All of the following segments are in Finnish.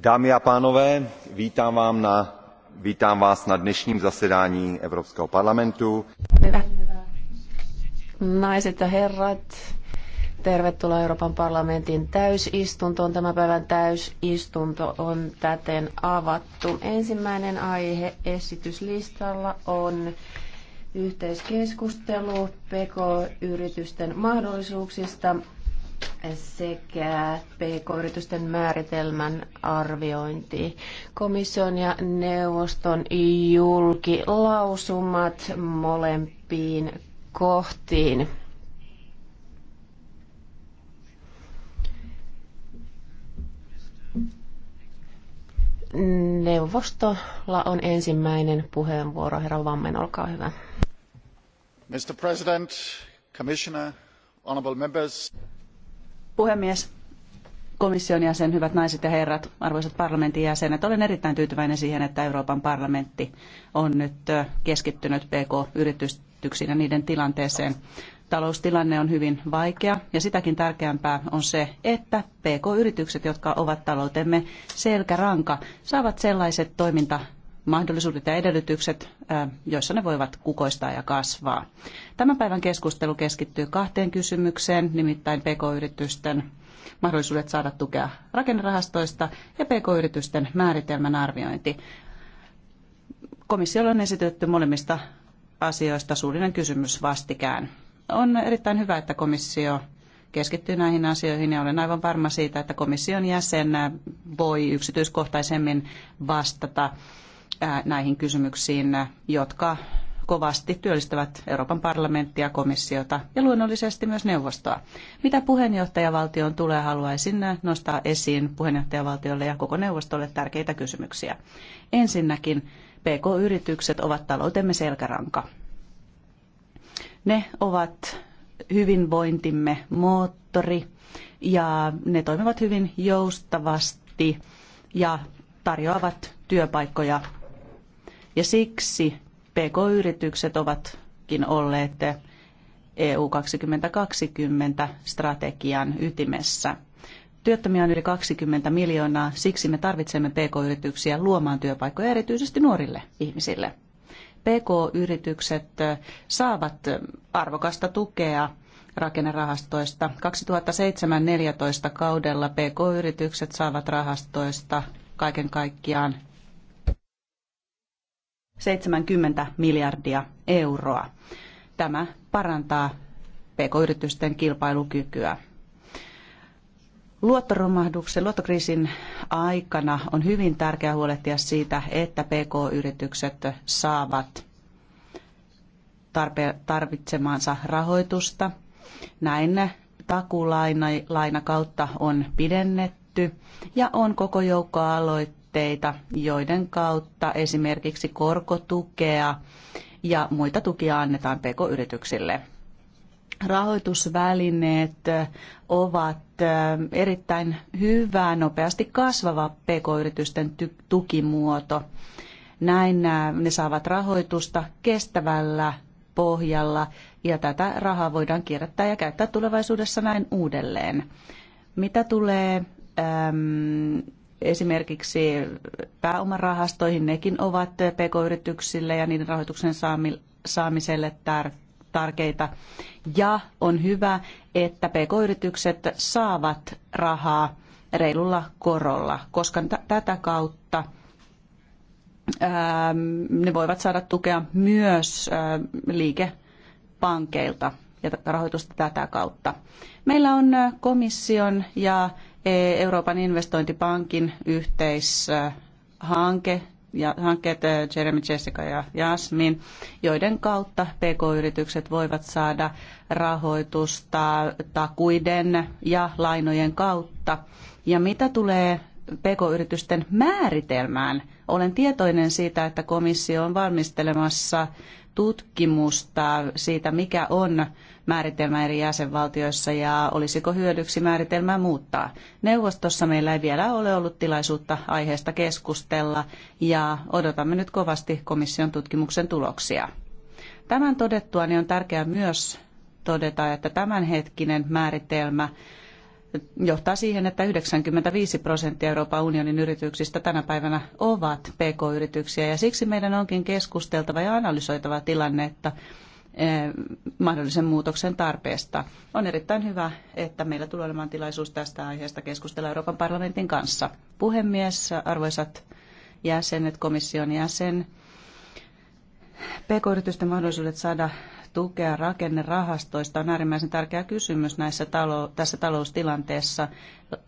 dámy a pánové vítám vás na dnešním zasedání Evropského parlamentu. Naiset ja herrat, tervetuloa Euroopan parlamentin täysistuntoon. Tämän päivän täysistunto on täten avattu. Ensimmäinen aihe esityslistalla on yhteiskeskustelu PK-yritysten mahdollisuuksista sekä PK-yritysten määritelmän arviointi. Komission ja neuvoston julkilausumat molempiin kohtiin. Neuvostolla on ensimmäinen puheenvuoro. Herra Vammen, olkaa hyvä. Mr. President, Commissioner, honourable members puhemies, komission jäsen, hyvät naiset ja herrat, arvoisat parlamentin jäsenet, olen erittäin tyytyväinen siihen, että Euroopan parlamentti on nyt keskittynyt PK-yrityksiin ja niiden tilanteeseen. Taloustilanne on hyvin vaikea ja sitäkin tärkeämpää on se, että PK-yritykset, jotka ovat taloutemme selkäranka, saavat sellaiset toiminta mahdollisuudet ja edellytykset, joissa ne voivat kukoistaa ja kasvaa. Tämän päivän keskustelu keskittyy kahteen kysymykseen, nimittäin pk-yritysten mahdollisuudet saada tukea rakennerahastoista ja pk-yritysten määritelmän arviointi. Komissiolla on esitetty molemmista asioista suullinen kysymys vastikään. On erittäin hyvä, että komissio keskittyy näihin asioihin ja olen aivan varma siitä, että komission jäsen voi yksityiskohtaisemmin vastata Äh, näihin kysymyksiin, jotka kovasti työllistävät Euroopan parlamenttia, komissiota ja luonnollisesti myös neuvostoa. Mitä puheenjohtajavaltioon tulee, haluaisin nostaa esiin puheenjohtajavaltiolle ja koko neuvostolle tärkeitä kysymyksiä. Ensinnäkin PK-yritykset ovat taloutemme selkäranka. Ne ovat hyvinvointimme moottori ja ne toimivat hyvin joustavasti ja tarjoavat työpaikkoja ja siksi PK-yritykset ovatkin olleet EU 2020 strategian ytimessä. Työttömiä on yli 20 miljoonaa, siksi me tarvitsemme PK-yrityksiä luomaan työpaikkoja erityisesti nuorille ihmisille. PK-yritykset saavat arvokasta tukea rakennerahastoista. 2007-2014 kaudella PK-yritykset saavat rahastoista kaiken kaikkiaan 70 miljardia euroa. Tämä parantaa pk-yritysten kilpailukykyä. Luottoromahduksen, luottokriisin aikana on hyvin tärkeää huolehtia siitä, että pk-yritykset saavat tarpe- tarvitsemaansa rahoitusta. Näin takulaina kautta on pidennetty ja on koko joukko aloitteita kohteita, joiden kautta esimerkiksi korkotukea ja muita tukia annetaan pk-yrityksille. Rahoitusvälineet ovat erittäin hyvä, nopeasti kasvava pk-yritysten tukimuoto. Näin ne saavat rahoitusta kestävällä pohjalla ja tätä rahaa voidaan kierrättää ja käyttää tulevaisuudessa näin uudelleen. Mitä tulee esimerkiksi pääomarahastoihin, nekin ovat pk-yrityksille ja niiden rahoituksen saamiselle tärkeitä. Ja on hyvä, että pk-yritykset saavat rahaa reilulla korolla, koska tätä kautta ähm, ne voivat saada tukea myös ähm, liikepankeilta ja rahoitusta tätä kautta. Meillä on äh, komission ja Euroopan investointipankin yhteishanke, ja hankkeet eh, Jeremy, Jessica ja Jasmin, joiden kautta pk-yritykset voivat saada rahoitusta takuiden ja lainojen kautta. Ja mitä tulee pk-yritysten määritelmään, olen tietoinen siitä, että komissio on valmistelemassa tutkimusta siitä, mikä on määritelmä eri jäsenvaltioissa ja olisiko hyödyksi määritelmää muuttaa. Neuvostossa meillä ei vielä ole ollut tilaisuutta aiheesta keskustella ja odotamme nyt kovasti komission tutkimuksen tuloksia. Tämän todettua niin on tärkeää myös todeta, että tämänhetkinen määritelmä johtaa siihen, että 95 prosenttia Euroopan unionin yrityksistä tänä päivänä ovat pk-yrityksiä ja siksi meidän onkin keskusteltava ja analysoitava tilannetta Eh, mahdollisen muutoksen tarpeesta. On erittäin hyvä, että meillä tulee olemaan tilaisuus tästä aiheesta keskustella Euroopan parlamentin kanssa. Puhemies, arvoisat jäsenet, komission jäsen, PK-yritysten mahdollisuudet saada tukea rakennerahastoista on äärimmäisen tärkeä kysymys näissä talo, tässä taloustilanteessa.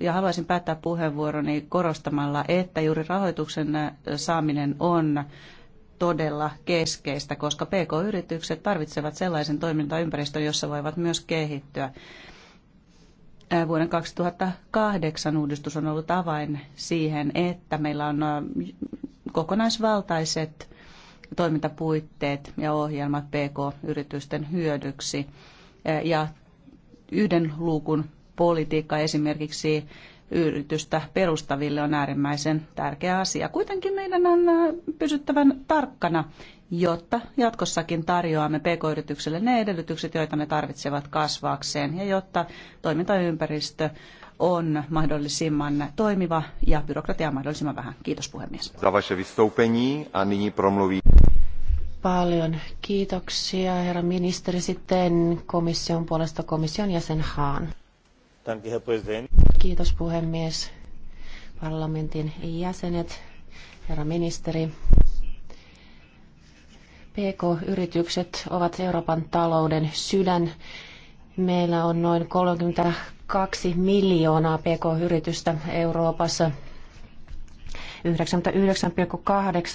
Ja haluaisin päättää puheenvuoroni korostamalla, että juuri rahoituksen saaminen on todella keskeistä, koska PK-yritykset tarvitsevat sellaisen toimintaympäristön, jossa voivat myös kehittyä. Vuoden 2008 uudistus on ollut avain siihen, että meillä on kokonaisvaltaiset toimintapuitteet ja ohjelmat PK-yritysten hyödyksi. Ja yhden luukun politiikka esimerkiksi yritystä perustaville on äärimmäisen tärkeä asia. Kuitenkin meidän on äh, pysyttävän tarkkana, jotta jatkossakin tarjoamme pk-yritykselle ne edellytykset, joita ne tarvitsevat kasvaakseen ja jotta toimintaympäristö on mahdollisimman toimiva ja byrokratiaa mahdollisimman vähän. Kiitos puhemies. Za vaše vystoupení a nyní promluví. Paljon kiitoksia, herra ministeri. Sitten komission puolesta komission jäsen Haan. Kiitos puhemies, parlamentin jäsenet, herra ministeri. PK-yritykset ovat Euroopan talouden sydän. Meillä on noin 32 miljoonaa PK-yritystä Euroopassa.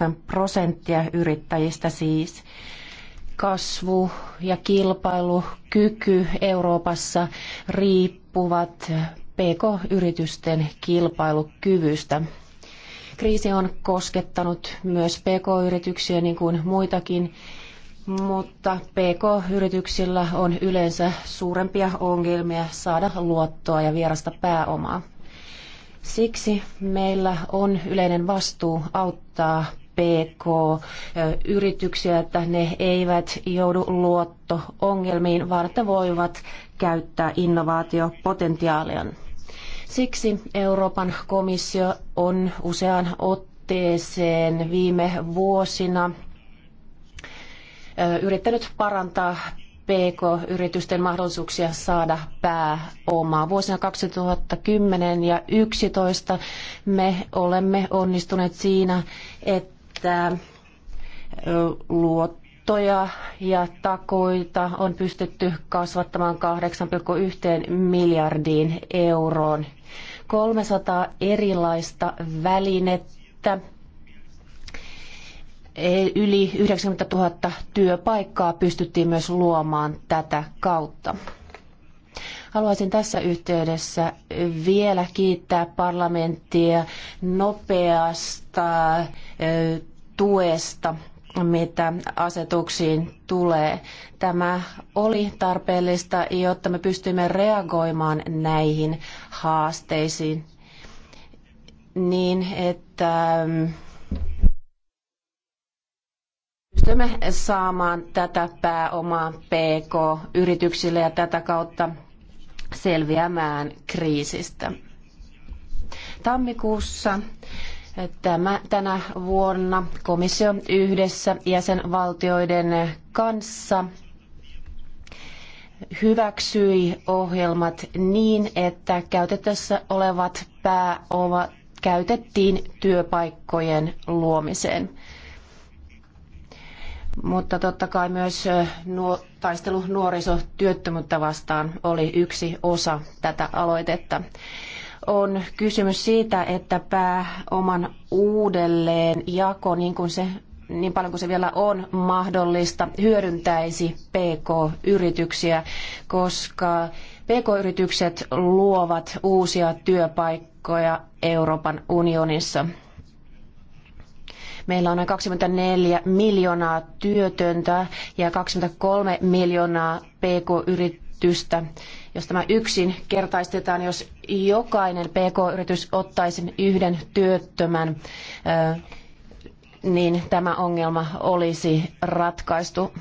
99,8 prosenttia yrittäjistä siis. Kasvu ja kilpailukyky Euroopassa riippuu riippuvat PK-yritysten kilpailukyvystä. Kriisi on koskettanut myös PK-yrityksiä niin kuin muitakin, mutta PK-yrityksillä on yleensä suurempia ongelmia saada luottoa ja vierasta pääomaa. Siksi meillä on yleinen vastuu auttaa PK-yrityksiä, että ne eivät joudu luotto-ongelmiin, vaan että voivat käyttää innovaatiopotentiaalian. Siksi Euroopan komissio on useaan otteeseen viime vuosina yrittänyt parantaa PK-yritysten mahdollisuuksia saada pääomaa. Vuosina 2010 ja 2011 me olemme onnistuneet siinä, että että luottoja ja takoita on pystytty kasvattamaan 8,1 miljardiin euroon. 300 erilaista välinettä, e, yli 90 000 työpaikkaa pystyttiin myös luomaan tätä kautta. Haluaisin tässä yhteydessä vielä kiittää parlamenttia nopeasta tuesta mitä asetuksiin tulee. Tämä oli tarpeellista, jotta me pystymme reagoimaan näihin haasteisiin niin, että mm, pystymme saamaan tätä pääomaa PK-yrityksille ja tätä kautta selviämään kriisistä. Tammikuussa Tämä, tänä vuonna komissio yhdessä jäsenvaltioiden kanssa hyväksyi ohjelmat niin, että käytettävissä olevat pääomat käytettiin työpaikkojen luomiseen mutta totta kai myös nuo, taistelu nuorisotyöttömyyttä vastaan oli yksi osa tätä aloitetta. On kysymys siitä, että pääoman uudelleen jako, niin, kuin se, niin paljon kuin se vielä on mahdollista, hyödyntäisi PK-yrityksiä, koska PK-yritykset luovat uusia työpaikkoja Euroopan unionissa. Meillä on noin 24 miljoonaa työtöntä ja 23 miljoonaa pk-yritystä. Jos tämä yksin kertaistetaan, jos jokainen pk-yritys ottaisi yhden työttömän, niin tämä ongelma olisi ratkaistu.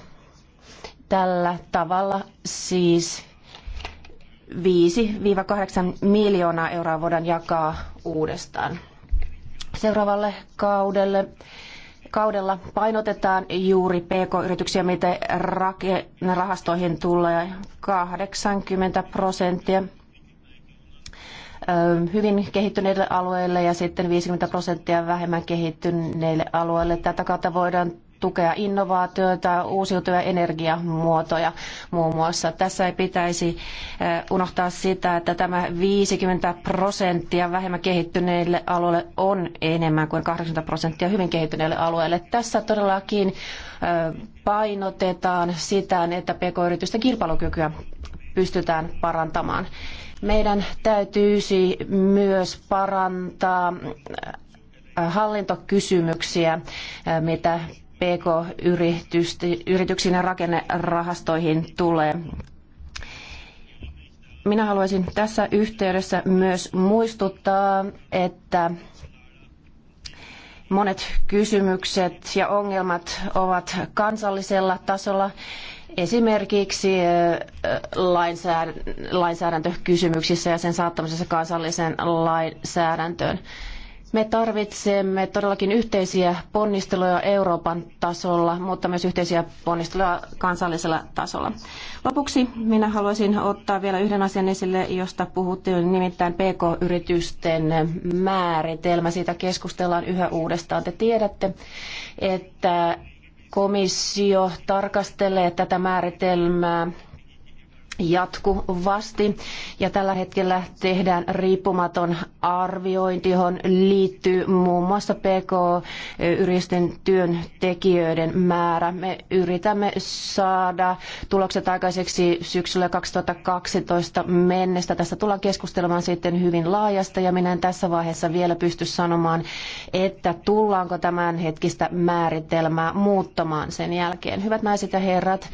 Tällä tavalla siis 5-8 miljoonaa euroa voidaan jakaa uudestaan seuraavalle kaudelle. Kaudella painotetaan juuri PK-yrityksiä, mitä rahastoihin tulee 80 prosenttia hyvin kehittyneille alueille ja sitten 50 prosenttia vähemmän kehittyneille alueille. Tätä kautta voidaan tukea innovaatioita, uusiutuvia energiamuotoja muun muassa. Tässä ei pitäisi eh, unohtaa sitä, että tämä 50 prosenttia vähemmän kehittyneille alueille on enemmän kuin 80 prosenttia hyvin kehittyneille alueille. Tässä todellakin eh, painotetaan sitä, että pk-yritysten kilpailukykyä pystytään parantamaan. Meidän täytyisi myös parantaa eh, hallintokysymyksiä, mitä PK-yrityksiin ja rakennerahastoihin tulee. Minä haluaisin tässä yhteydessä myös muistuttaa, että monet kysymykset ja ongelmat ovat kansallisella tasolla. Esimerkiksi lainsäädäntökysymyksissä ja sen saattamisessa kansalliseen lainsäädäntöön. Me tarvitsemme todellakin yhteisiä ponnisteluja Euroopan tasolla, mutta myös yhteisiä ponnisteluja kansallisella tasolla. Lopuksi minä haluaisin ottaa vielä yhden asian esille, josta puhuttiin nimittäin PK-yritysten määritelmä. Siitä keskustellaan yhä uudestaan. Te tiedätte, että komissio tarkastelee tätä määritelmää jatkuvasti. Ja tällä hetkellä tehdään riippumaton arviointi, johon liittyy muun muassa PK-yritysten työntekijöiden määrä. Me yritämme saada tulokset aikaiseksi syksyllä 2012 mennessä. Tästä tullaan keskustelemaan sitten hyvin laajasta ja minä en tässä vaiheessa vielä pysty sanomaan, että tullaanko tämän hetkistä määritelmää muuttamaan sen jälkeen. Hyvät naiset ja herrat,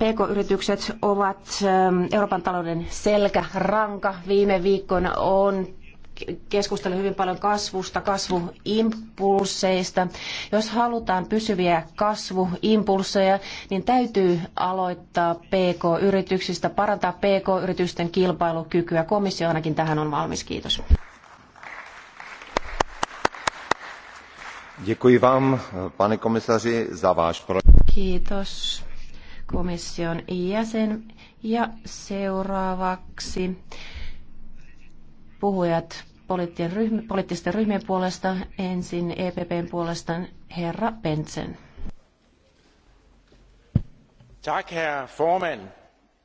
PK-yritykset ovat ähm, Euroopan talouden selkäranka. Viime viikkoina on keskustellut hyvin paljon kasvusta, kasvuimpulseista. Jos halutaan pysyviä kasvuimpulseja, niin täytyy aloittaa PK-yrityksistä, parantaa PK-yritysten kilpailukykyä. Komissio ainakin tähän on valmis. Kiitos. Děkuji vám, pane komisaři, za váš Kiitos komission jäsen. Ja seuraavaksi puhujat ryhmä, poliittisten ryhmien puolesta, ensin EPPn puolesta herra Bentsen. Tack herr Forman.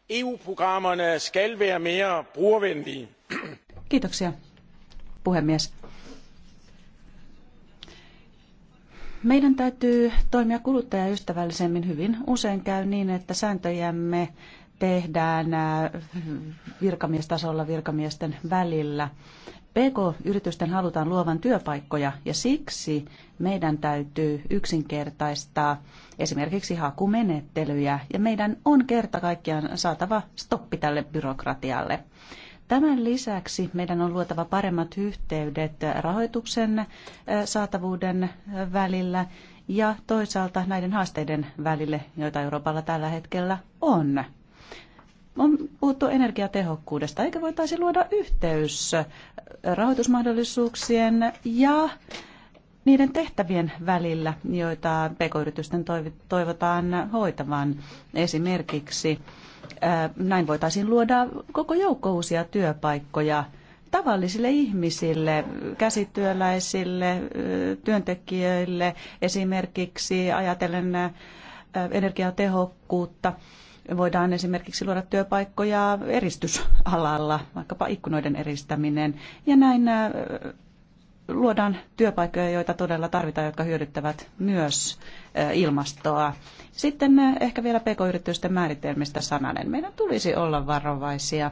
eu programmerna skal vara mer brugervenlige. Kiitoksia, puhemies. Meidän täytyy toimia kuluttajaystävällisemmin. Hyvin usein käy niin, että sääntöjämme tehdään äh, virkamiestasolla virkamiesten välillä. PK-yritysten halutaan luovan työpaikkoja ja siksi meidän täytyy yksinkertaistaa esimerkiksi hakumenettelyjä ja meidän on kerta kaikkiaan saatava stoppi tälle byrokratialle. Tämän lisäksi meidän on luotava paremmat yhteydet rahoituksen saatavuuden välillä ja toisaalta näiden haasteiden välille, joita Euroopalla tällä hetkellä on. On puhuttu energiatehokkuudesta. eikä voitaisi luoda yhteys rahoitusmahdollisuuksien ja niiden tehtävien välillä, joita pk-yritysten toivotaan hoitavan esimerkiksi. Näin voitaisiin luoda koko joukko uusia työpaikkoja tavallisille ihmisille, käsityöläisille, työntekijöille, esimerkiksi ajatellen energiatehokkuutta. Voidaan esimerkiksi luoda työpaikkoja eristysalalla, vaikkapa ikkunoiden eristäminen. Ja näin luodaan työpaikkoja, joita todella tarvitaan, jotka hyödyttävät myös eh, ilmastoa. Sitten eh, ehkä vielä pk-yritysten määritelmistä sananen. Meidän tulisi olla varovaisia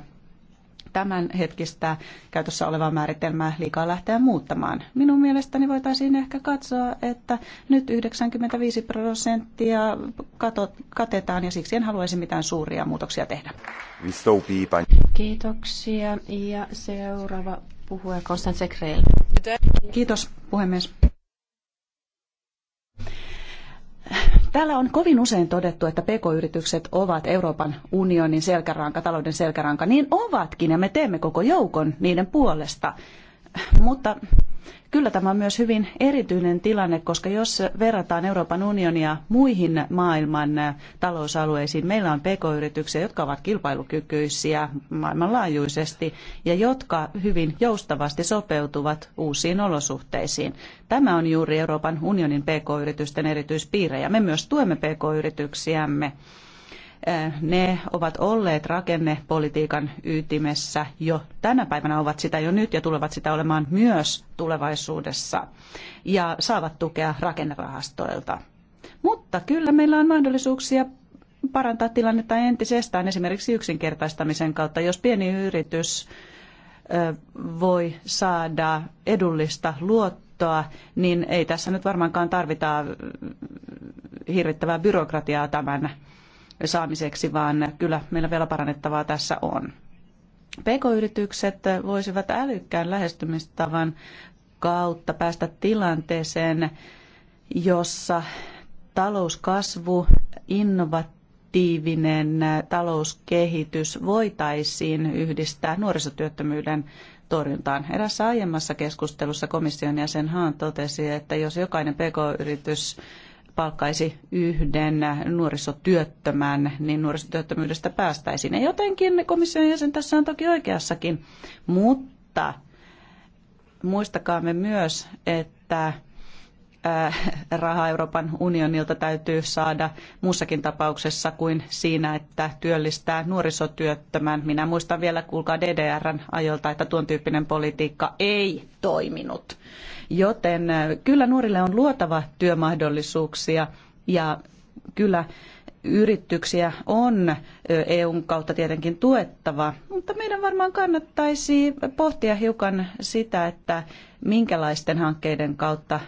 tämän hetkistä käytössä olevaa määritelmää liikaa lähteä muuttamaan. Minun mielestäni voitaisiin ehkä katsoa, että nyt 95 prosenttia katetaan ja siksi en haluaisi mitään suuria muutoksia tehdä. Kiitoksia ja seuraava puhuja Konstantin Krell. Kiitos puhemies. Täällä on kovin usein todettu, että pk-yritykset ovat Euroopan unionin selkäranka, talouden selkäranka. Niin ovatkin ja me teemme koko joukon niiden puolesta. Mutta Kyllä tämä on myös hyvin erityinen tilanne, koska jos verrataan Euroopan unionia muihin maailman talousalueisiin, meillä on pk-yrityksiä, jotka ovat kilpailukykyisiä maailmanlaajuisesti ja jotka hyvin joustavasti sopeutuvat uusiin olosuhteisiin. Tämä on juuri Euroopan unionin pk-yritysten erityispiirre ja Me myös tuemme pk-yrityksiämme ne ovat olleet rakennepolitiikan ytimessä jo tänä päivänä, ovat sitä jo nyt ja tulevat sitä olemaan myös tulevaisuudessa ja saavat tukea rakennerahastoilta. Mutta kyllä meillä on mahdollisuuksia parantaa tilannetta entisestään esimerkiksi yksinkertaistamisen kautta, jos pieni yritys voi saada edullista luottoa, niin ei tässä nyt varmaankaan tarvita hirvittävää byrokratiaa tämän saamiseksi, vaan kyllä meillä vielä parannettavaa tässä on. PK-yritykset voisivat älykkään lähestymistavan kautta päästä tilanteeseen, jossa talouskasvu, innovatiivinen talouskehitys voitaisiin yhdistää nuorisotyöttömyyden torjuntaan. Erässä aiemmassa keskustelussa komission jäsen Haan totesi, että jos jokainen PK-yritys palkkaisi yhden nuorisotyöttömän, niin nuorisotyöttömyydestä päästäisiin. Ja jotenkin komission jäsen tässä on toki oikeassakin, mutta muistakaamme myös, että Äh, rahaa Euroopan unionilta täytyy saada muussakin tapauksessa kuin siinä, että työllistää nuorisotyöttömän. Minä muistan vielä, kuulkaa DDRn ajolta, että tuon tyyppinen politiikka ei toiminut. Joten äh, kyllä nuorille on luotava työmahdollisuuksia ja kyllä yrityksiä on äh, EUn kautta tietenkin tuettava, mutta meidän varmaan kannattaisi pohtia hiukan sitä, että minkälaisten hankkeiden kautta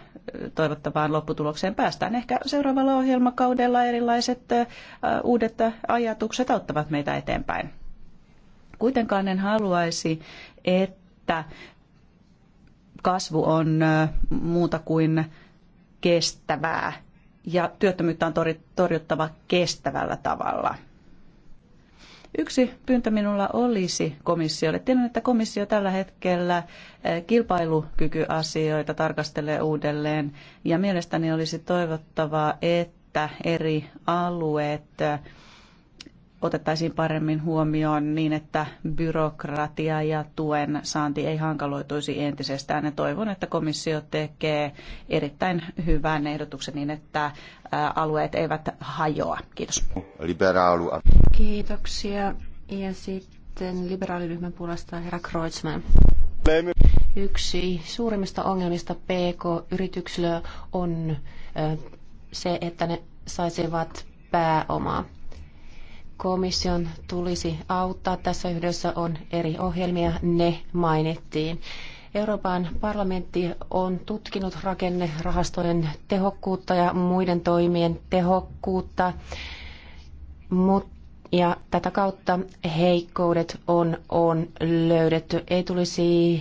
toivottavaan lopputulokseen päästään. Ehkä seuraavalla ohjelmakaudella erilaiset uudet ajatukset auttavat meitä eteenpäin. Kuitenkaan en haluaisi, että kasvu on muuta kuin kestävää ja työttömyyttä on torjuttava kestävällä tavalla – Yksi pyyntö minulla olisi komissiolle. Tiedän, että komissio tällä hetkellä eh, kilpailukykyasioita tarkastelee uudelleen ja mielestäni olisi toivottavaa, että eri alueet eh, otettaisiin paremmin huomioon niin, että byrokratia ja tuen saanti ei hankaloituisi entisestään. Ja toivon, että komissio tekee erittäin hyvän ehdotuksen niin, että alueet eivät hajoa. Kiitos. Liberaalua. Kiitoksia. Ja sitten liberaaliryhmän puolesta herra Kreutzmann. Yksi suurimmista ongelmista PK-yrityksillä on se, että ne saisivat pääomaa komission tulisi auttaa. Tässä yhdessä on eri ohjelmia, ne mainittiin. Euroopan parlamentti on tutkinut rakennerahastojen tehokkuutta ja muiden toimien tehokkuutta, mutta ja tätä kautta heikkoudet on, on löydetty. Ei tulisi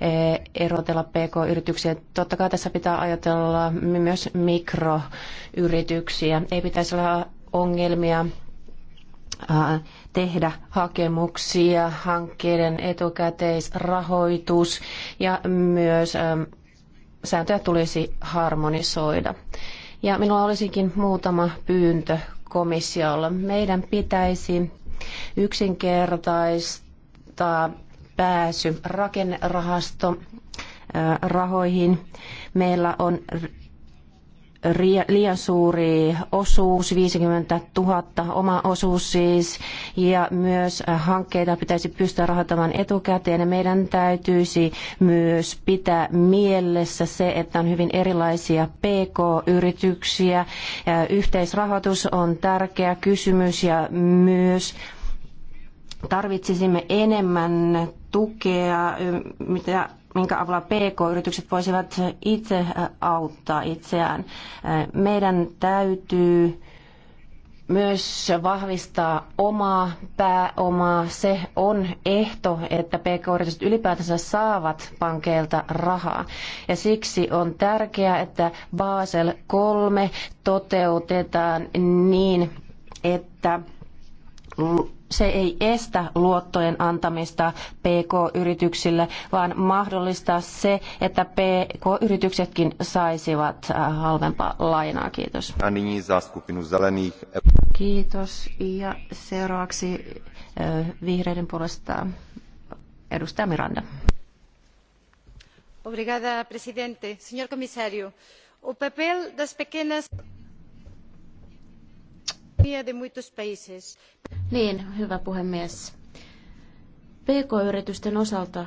eh, erotella pk-yrityksiä. Totta kai tässä pitää ajatella myös mikroyrityksiä. Ei pitäisi olla ongelmia tehdä hakemuksia, hankkeiden etukäteisrahoitus ja myös sääntöjä tulisi harmonisoida. Ja minulla olisikin muutama pyyntö komissiolle. Meidän pitäisi yksinkertaistaa pääsy rakennerahasto rahoihin. Meillä on liian suuri osuus, 50 000 oma osuus siis, ja myös hankkeita pitäisi pystyä rahoittamaan etukäteen, ja meidän täytyisi myös pitää mielessä se, että on hyvin erilaisia PK-yrityksiä, yhteisrahoitus on tärkeä kysymys, ja myös tarvitsisimme enemmän tukea, mitä minkä avulla PK-yritykset voisivat itse auttaa itseään. Meidän täytyy myös vahvistaa omaa pääomaa. Se on ehto, että PK-yritykset ylipäätänsä saavat pankeilta rahaa. Ja siksi on tärkeää, että Basel 3 toteutetaan niin, että se ei estä luottojen antamista PK-yrityksille, vaan mahdollistaa se, että PK-yrityksetkin saisivat äh, halvempaa lainaa. Kiitos. Kiitos. Ja seuraavaksi äh, vihreiden puolesta edustaja Miranda. Obrigada, presidente. Señor comisario, o papel das pequenas... Niin, hyvä puhemies. PK-yritysten osalta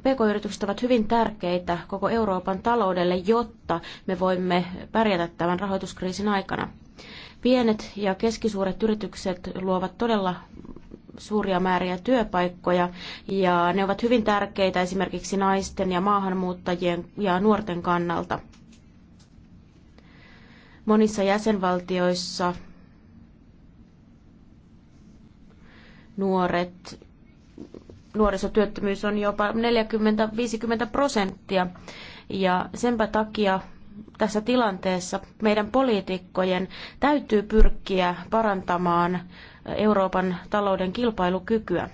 PK-yritykset ovat hyvin tärkeitä koko Euroopan taloudelle, jotta me voimme pärjätä tämän rahoituskriisin aikana. Pienet ja keskisuuret yritykset luovat todella suuria määriä työpaikkoja ja ne ovat hyvin tärkeitä esimerkiksi naisten ja maahanmuuttajien ja nuorten kannalta. Monissa jäsenvaltioissa nuoret, nuorisotyöttömyys on jopa 40-50 prosenttia. Ja senpä takia tässä tilanteessa meidän poliitikkojen täytyy pyrkiä parantamaan Euroopan talouden kilpailukykyä.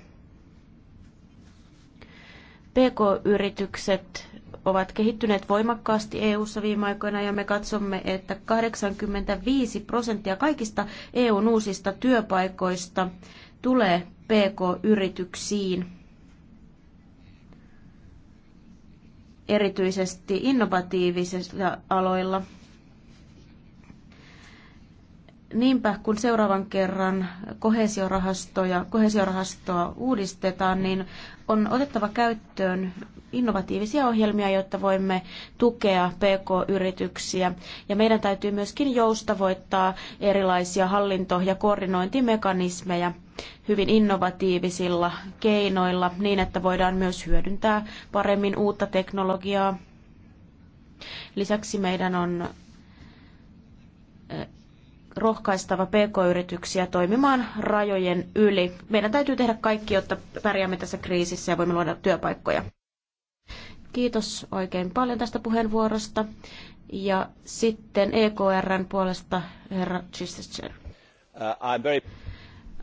PK-yritykset ovat kehittyneet voimakkaasti EU:ssa viime aikoina ja me katsomme, että 85 prosenttia kaikista eu uusista työpaikoista tulee PK-yrityksiin, erityisesti innovatiivisilla aloilla. Niinpä, kun seuraavan kerran kohesiorahastoja, kohesiorahastoa uudistetaan, niin on otettava käyttöön innovatiivisia ohjelmia, jotta voimme tukea PK-yrityksiä. Ja meidän täytyy myöskin joustavoittaa erilaisia hallinto- ja koordinointimekanismeja – hyvin innovatiivisilla keinoilla niin, että voidaan myös hyödyntää paremmin uutta teknologiaa. Lisäksi meidän on eh, rohkaistava pk-yrityksiä toimimaan rajojen yli. Meidän täytyy tehdä kaikki, jotta pärjäämme tässä kriisissä ja voimme luoda työpaikkoja. Kiitos oikein paljon tästä puheenvuorosta. Ja sitten EKRn puolesta herra Chichester. Uh, I'm very...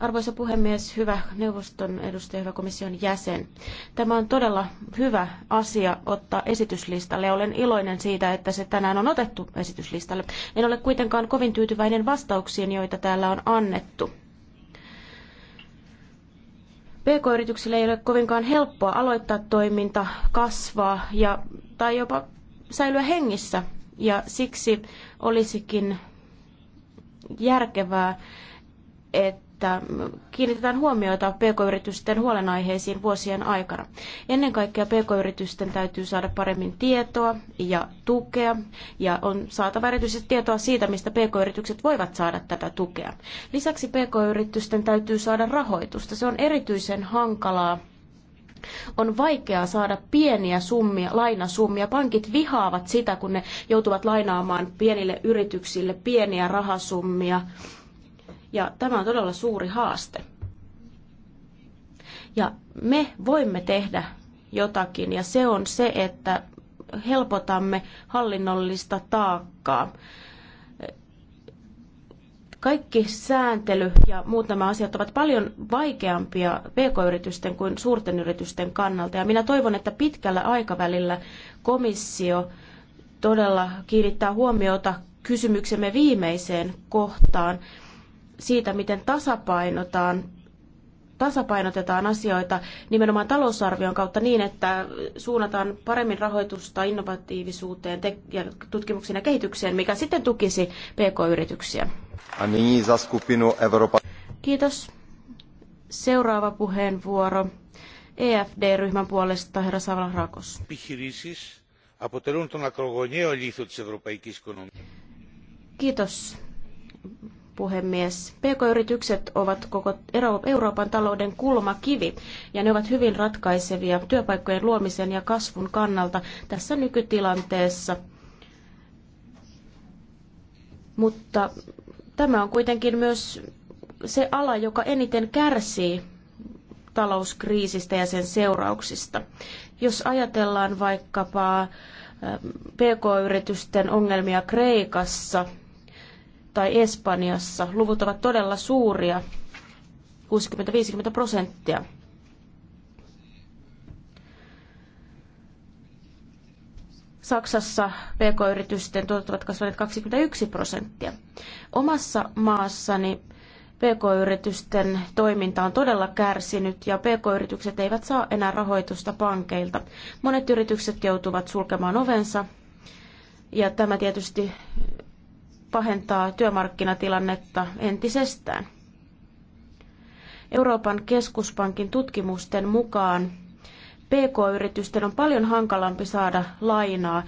Arvoisa puhemies, hyvä neuvoston edustaja, hyvä komission jäsen. Tämä on todella hyvä asia ottaa esityslistalle ja olen iloinen siitä, että se tänään on otettu esityslistalle. En ole kuitenkaan kovin tyytyväinen vastauksiin, joita täällä on annettu. PK-yrityksille ei ole kovinkaan helppoa aloittaa toiminta, kasvaa ja, tai jopa säilyä hengissä. Ja siksi olisikin järkevää, että että kiinnitetään huomiota pk-yritysten huolenaiheisiin vuosien aikana. Ennen kaikkea pk-yritysten täytyy saada paremmin tietoa ja tukea, ja on saatava erityisesti tietoa siitä, mistä pk-yritykset voivat saada tätä tukea. Lisäksi pk-yritysten täytyy saada rahoitusta. Se on erityisen hankalaa on vaikeaa saada pieniä summia, lainasummia. Pankit vihaavat sitä, kun ne joutuvat lainaamaan pienille yrityksille pieniä rahasummia ja tämä on todella suuri haaste. Ja me voimme tehdä jotakin, ja se on se, että helpotamme hallinnollista taakkaa. Kaikki sääntely ja muut nämä asiat ovat paljon vaikeampia pk-yritysten kuin suurten yritysten kannalta. Ja minä toivon, että pitkällä aikavälillä komissio todella kiinnittää huomiota kysymyksemme viimeiseen kohtaan, siitä, miten tasapainotaan tasapainotetaan asioita nimenomaan talousarvion kautta niin, että suunnataan paremmin rahoitusta innovatiivisuuteen ja tutkimuksiin ja kehitykseen, mikä sitten tukisi PK-yrityksiä. Kiitos. Seuraava puheenvuoro EFD-ryhmän puolesta herra Savla Rakos. Kiitos puhemies. PK-yritykset ovat koko Euroopan talouden kulmakivi ja ne ovat hyvin ratkaisevia työpaikkojen luomisen ja kasvun kannalta tässä nykytilanteessa. Mutta tämä on kuitenkin myös se ala, joka eniten kärsii talouskriisistä ja sen seurauksista. Jos ajatellaan vaikkapa PK-yritysten ongelmia Kreikassa, tai Espanjassa. Luvut ovat todella suuria, 60-50 prosenttia. Saksassa pk-yritysten tuotot ovat kasvaneet 21 prosenttia. Omassa maassani pk-yritysten toiminta on todella kärsinyt ja pk-yritykset eivät saa enää rahoitusta pankeilta. Monet yritykset joutuvat sulkemaan ovensa ja tämä tietysti pahentaa työmarkkinatilannetta entisestään. Euroopan keskuspankin tutkimusten mukaan PK-yritysten on paljon hankalampi saada lainaa.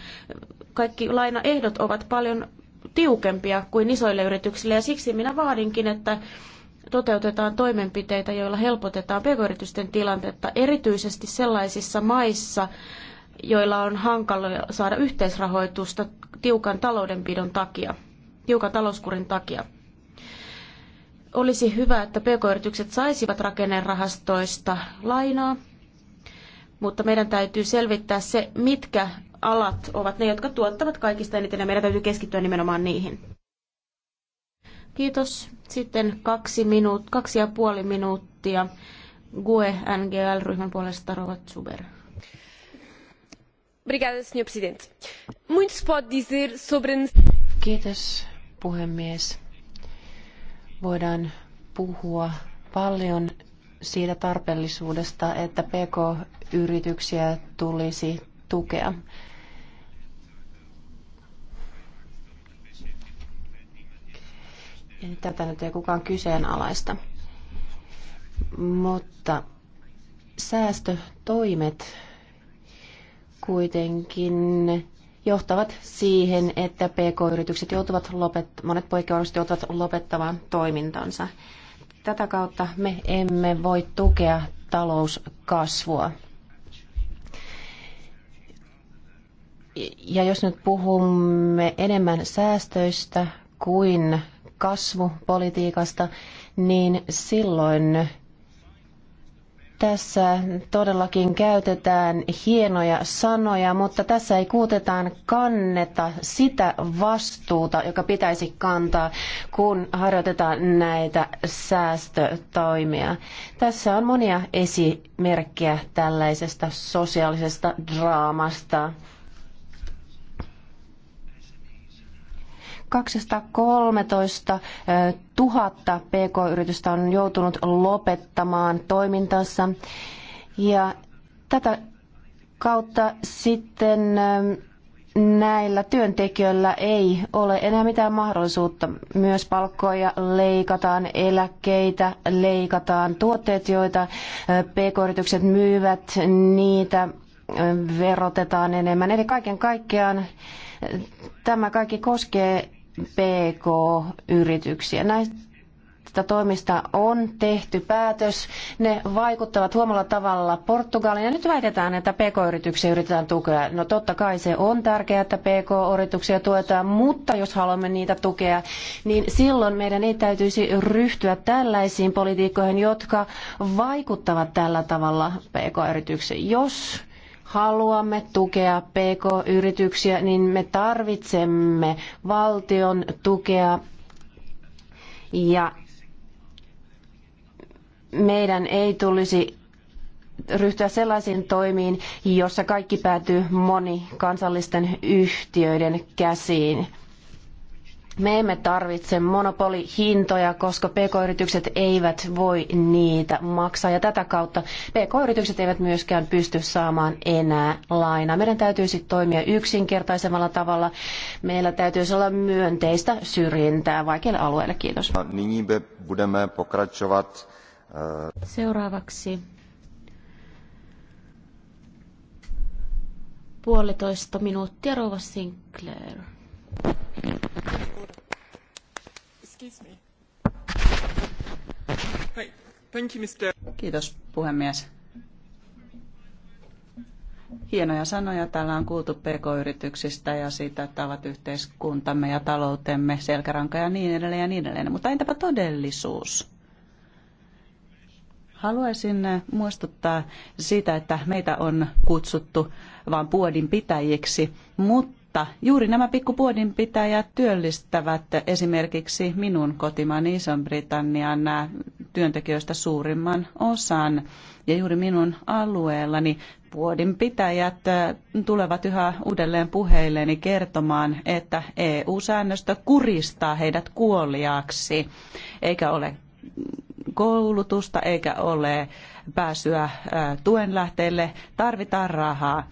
Kaikki lainaehdot ovat paljon tiukempia kuin isoille yrityksille ja siksi minä vaadinkin, että toteutetaan toimenpiteitä, joilla helpotetaan pk-yritysten tilannetta, erityisesti sellaisissa maissa, joilla on hankala saada yhteisrahoitusta tiukan taloudenpidon takia tiukan talouskurin takia. Olisi hyvä, että pk-yritykset saisivat rakennerahastoista lainaa, mutta meidän täytyy selvittää se, mitkä alat ovat ne, jotka tuottavat kaikista eniten, ja meidän täytyy keskittyä nimenomaan niihin. Kiitos. Sitten kaksi, minuut, kaksi ja puoli minuuttia. GUE NGL-ryhmän puolesta Rovat Zuber. Obrigada, Presidente. Muito se pode dizer sobre... Kiitos, puhemies. Voidaan puhua paljon siitä tarpeellisuudesta, että PK-yrityksiä tulisi tukea. Tätä nyt ei kukaan kyseenalaista. Mutta säästötoimet kuitenkin johtavat siihen, että PK-yritykset joutuvat lopett- monet poikkeukset joutuvat lopettamaan toimintansa. Tätä kautta me emme voi tukea talouskasvua. Ja jos nyt puhumme enemmän säästöistä kuin kasvupolitiikasta, niin silloin tässä todellakin käytetään hienoja sanoja, mutta tässä ei kuutetaan kanneta sitä vastuuta, joka pitäisi kantaa, kun harjoitetaan näitä säästötoimia. Tässä on monia esimerkkejä tällaisesta sosiaalisesta draamasta. 213 000 pk-yritystä on joutunut lopettamaan toimintansa ja tätä kautta sitten näillä työntekijöillä ei ole enää mitään mahdollisuutta. Myös palkkoja leikataan, eläkkeitä leikataan, tuotteet, joita pk-yritykset myyvät, niitä verotetaan enemmän. Eli kaiken kaikkiaan tämä kaikki koskee PK-yrityksiä. Näistä toimista on tehty päätös. Ne vaikuttavat huomalla tavalla Portugaliin. Ja nyt väitetään, että PK-yrityksiä yritetään tukea. No totta kai se on tärkeää, että PK-yrityksiä tuetaan, mutta jos haluamme niitä tukea, niin silloin meidän ei täytyisi ryhtyä tällaisiin politiikkoihin, jotka vaikuttavat tällä tavalla PK-yrityksiin. Jos haluamme tukea PK-yrityksiä, niin me tarvitsemme valtion tukea ja meidän ei tulisi ryhtyä sellaisiin toimiin, jossa kaikki päätyy monikansallisten yhtiöiden käsiin. Me emme tarvitse monopolihintoja, koska pk-yritykset eivät voi niitä maksaa. Ja tätä kautta pk-yritykset eivät myöskään pysty saamaan enää lainaa. Meidän täytyisi toimia yksinkertaisemmalla tavalla. Meillä täytyisi olla myönteistä syrjintää vaikeille alueille. Kiitos. Eh, Seuraavaksi puolitoista minuuttia Rova Sinclair. Kiitos puhemies. Hienoja sanoja täällä on kuultu pk-yrityksistä ja siitä, että ovat yhteiskuntamme ja taloutemme selkäranka ja niin edelleen ja niin edelleen. Mutta entäpä todellisuus? Haluaisin muistuttaa siitä, että meitä on kutsuttu vain puodin pitäjiksi, mutta mutta juuri nämä pikkupuodinpitäjät pitäjät työllistävät esimerkiksi minun kotimaani Ison-Britannian työntekijöistä suurimman osan. Ja juuri minun alueellani puodinpitäjät pitäjät tulevat yhä uudelleen puheilleeni kertomaan, että EU-säännöstö kuristaa heidät kuoliaksi, eikä ole koulutusta eikä ole pääsyä tuenlähteille, tarvitaan rahaa.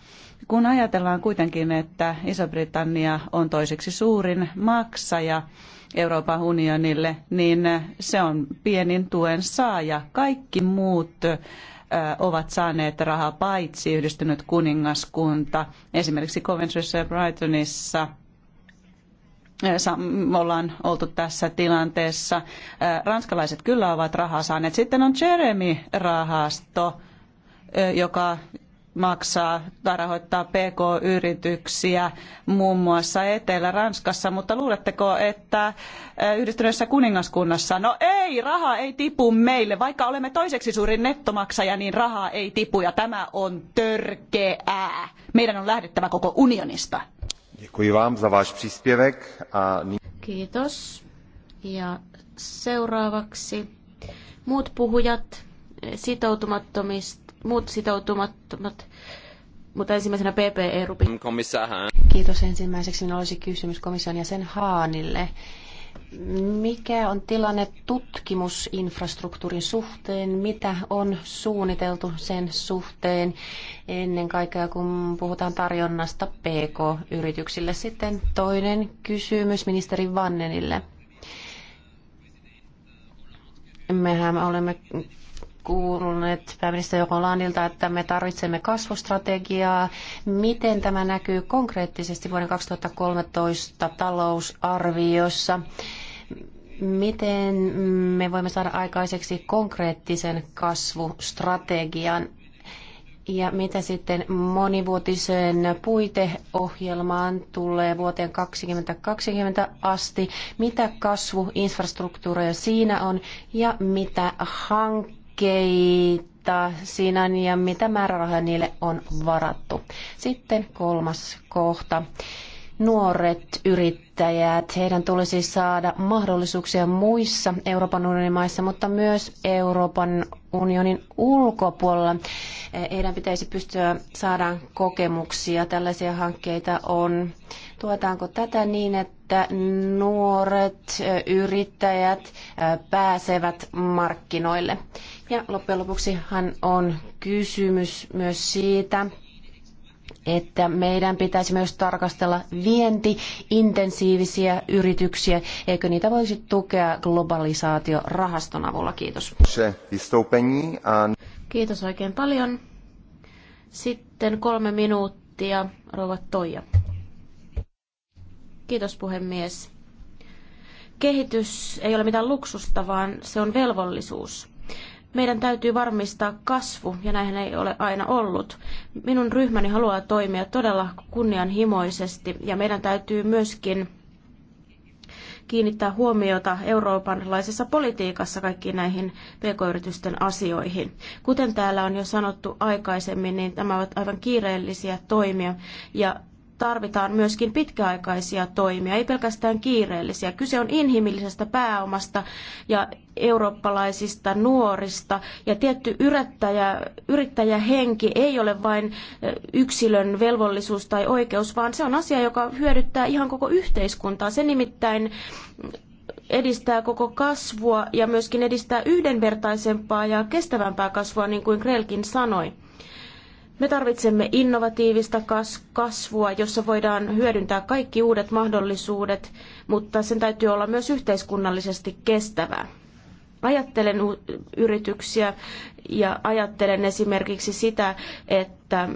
Kun ajatellaan kuitenkin, että Iso-Britannia on toiseksi suurin maksaja Euroopan unionille, niin se on pienin tuen saaja. Kaikki muut ovat saaneet rahaa paitsi yhdistynyt kuningaskunta. Esimerkiksi Coventryssä ja Brightonissa ollaan oltu tässä tilanteessa. Ranskalaiset kyllä ovat rahaa saaneet. Sitten on Jeremy-rahasto, joka maksaa tai rahoittaa PK-yrityksiä muun muassa Etelä-Ranskassa, mutta luuletteko, että yhdistyneessä kuningaskunnassa, no ei, raha ei tipu meille, vaikka olemme toiseksi suurin nettomaksaja, niin raha ei tipu ja tämä on törkeää. Meidän on lähdettävä koko unionista. Kiitos. Ja seuraavaksi muut puhujat sitoutumattomista muut sitoutumattomat, mutta ensimmäisenä PPE-rupi. Kiitos ensimmäiseksi. Minulla olisi kysymys komission jäsen Haanille. Mikä on tilanne tutkimusinfrastruktuurin suhteen? Mitä on suunniteltu sen suhteen ennen kaikkea, kun puhutaan tarjonnasta PK-yrityksille? Sitten toinen kysymys ministeri Vannenille. Mehän olemme kuulleet pääministeri Jokolanilta, että me tarvitsemme kasvustrategiaa. Miten tämä näkyy konkreettisesti vuoden 2013 talousarviossa? Miten me voimme saada aikaiseksi konkreettisen kasvustrategian? Ja mitä sitten monivuotiseen puiteohjelmaan tulee vuoteen 2020 asti? Mitä kasvuinfrastruktuureja siinä on ja mitä hankkeita? hankkeita siinä ja mitä määrärahoja niille on varattu. Sitten kolmas kohta. Nuoret yrittäjät, heidän tulisi saada mahdollisuuksia muissa Euroopan unionin maissa, mutta myös Euroopan unionin ulkopuolella. Heidän pitäisi pystyä saadaan kokemuksia. Tällaisia hankkeita on Tuetaanko tätä niin, että nuoret yrittäjät pääsevät markkinoille? Ja loppujen lopuksihan on kysymys myös siitä, että meidän pitäisi myös tarkastella vientiintensiivisiä yrityksiä. Eikö niitä voisi tukea globalisaatiorahaston avulla? Kiitos. Kiitos oikein paljon. Sitten kolme minuuttia, rouva Toija. Kiitos puhemies. Kehitys ei ole mitään luksusta, vaan se on velvollisuus. Meidän täytyy varmistaa kasvu, ja näinhän ei ole aina ollut. Minun ryhmäni haluaa toimia todella kunnianhimoisesti, ja meidän täytyy myöskin kiinnittää huomiota euroopanlaisessa politiikassa kaikkiin näihin pk-yritysten asioihin. Kuten täällä on jo sanottu aikaisemmin, niin nämä ovat aivan kiireellisiä toimia ja tarvitaan myöskin pitkäaikaisia toimia, ei pelkästään kiireellisiä. Kyse on inhimillisestä pääomasta ja eurooppalaisista nuorista. Ja tietty yrittäjä, yrittäjähenki ei ole vain yksilön velvollisuus tai oikeus, vaan se on asia, joka hyödyttää ihan koko yhteiskuntaa. Se nimittäin edistää koko kasvua ja myöskin edistää yhdenvertaisempaa ja kestävämpää kasvua, niin kuin Krelkin sanoi. Me tarvitsemme innovatiivista kasvua, jossa voidaan hyödyntää kaikki uudet mahdollisuudet, mutta sen täytyy olla myös yhteiskunnallisesti kestävää. Ajattelen yrityksiä ja ajattelen esimerkiksi sitä, että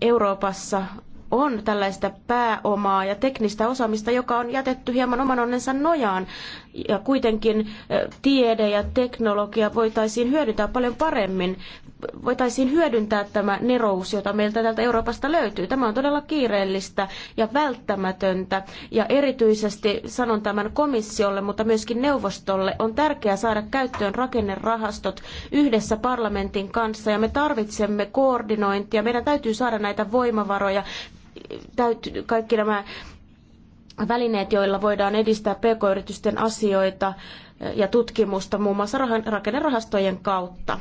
Euroopassa on tällaista pääomaa ja teknistä osaamista, joka on jätetty hieman oman onnensa nojaan ja kuitenkin eh, tiede ja teknologia voitaisiin hyödyntää paljon paremmin. Voitaisiin hyödyntää tämä nerous, jota meiltä täältä Euroopasta löytyy. Tämä on todella kiireellistä ja välttämätöntä ja erityisesti sanon tämän komissiolle, mutta myöskin neuvostolle on tärkeää saada käyttöön rakennerahastot yhdessä parlamentin kanssa ja me tarvitsemme koordinointia. Meidän täytyy saada näitä voimavaroja täytyy, kaikki nämä välineet, joilla voidaan edistää pk-yritysten asioita ja tutkimusta muun muassa rakennerahastojen kautta.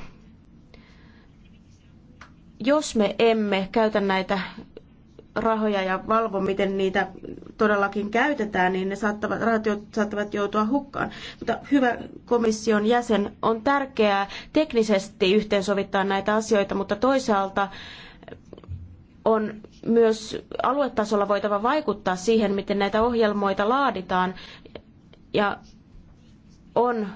Jos me emme käytä näitä rahoja ja valvo, miten niitä todellakin käytetään, niin ne saattavat, rahat saattavat joutua hukkaan. Mutta hyvä komission jäsen, on tärkeää teknisesti yhteensovittaa näitä asioita, mutta toisaalta on myös aluetasolla voitava vaikuttaa siihen, miten näitä ohjelmoita laaditaan. Ja on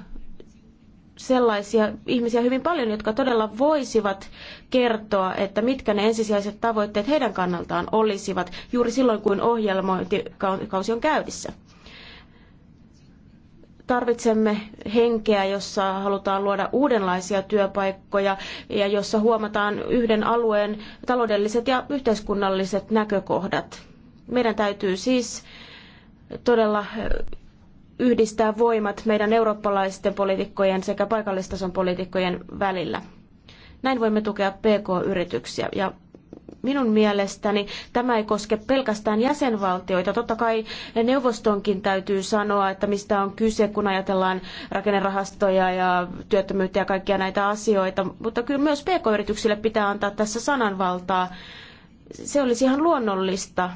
sellaisia ihmisiä hyvin paljon, jotka todella voisivat kertoa, että mitkä ne ensisijaiset tavoitteet heidän kannaltaan olisivat juuri silloin, kun ohjelmointikausi on käynnissä tarvitsemme henkeä, jossa halutaan luoda uudenlaisia työpaikkoja ja jossa huomataan yhden alueen taloudelliset ja yhteiskunnalliset näkökohdat. Meidän täytyy siis todella eh, yhdistää voimat meidän eurooppalaisten poliitikkojen sekä paikallistason poliitikkojen välillä. Näin voimme tukea PK-yrityksiä ja minun mielestäni tämä ei koske pelkästään jäsenvaltioita. Totta kai neuvostonkin täytyy sanoa, että mistä on kyse, kun ajatellaan rakennerahastoja ja työttömyyttä ja kaikkia näitä asioita. Mutta kyllä myös pk-yrityksille pitää antaa tässä sananvaltaa. Se olisi ihan luonnollista.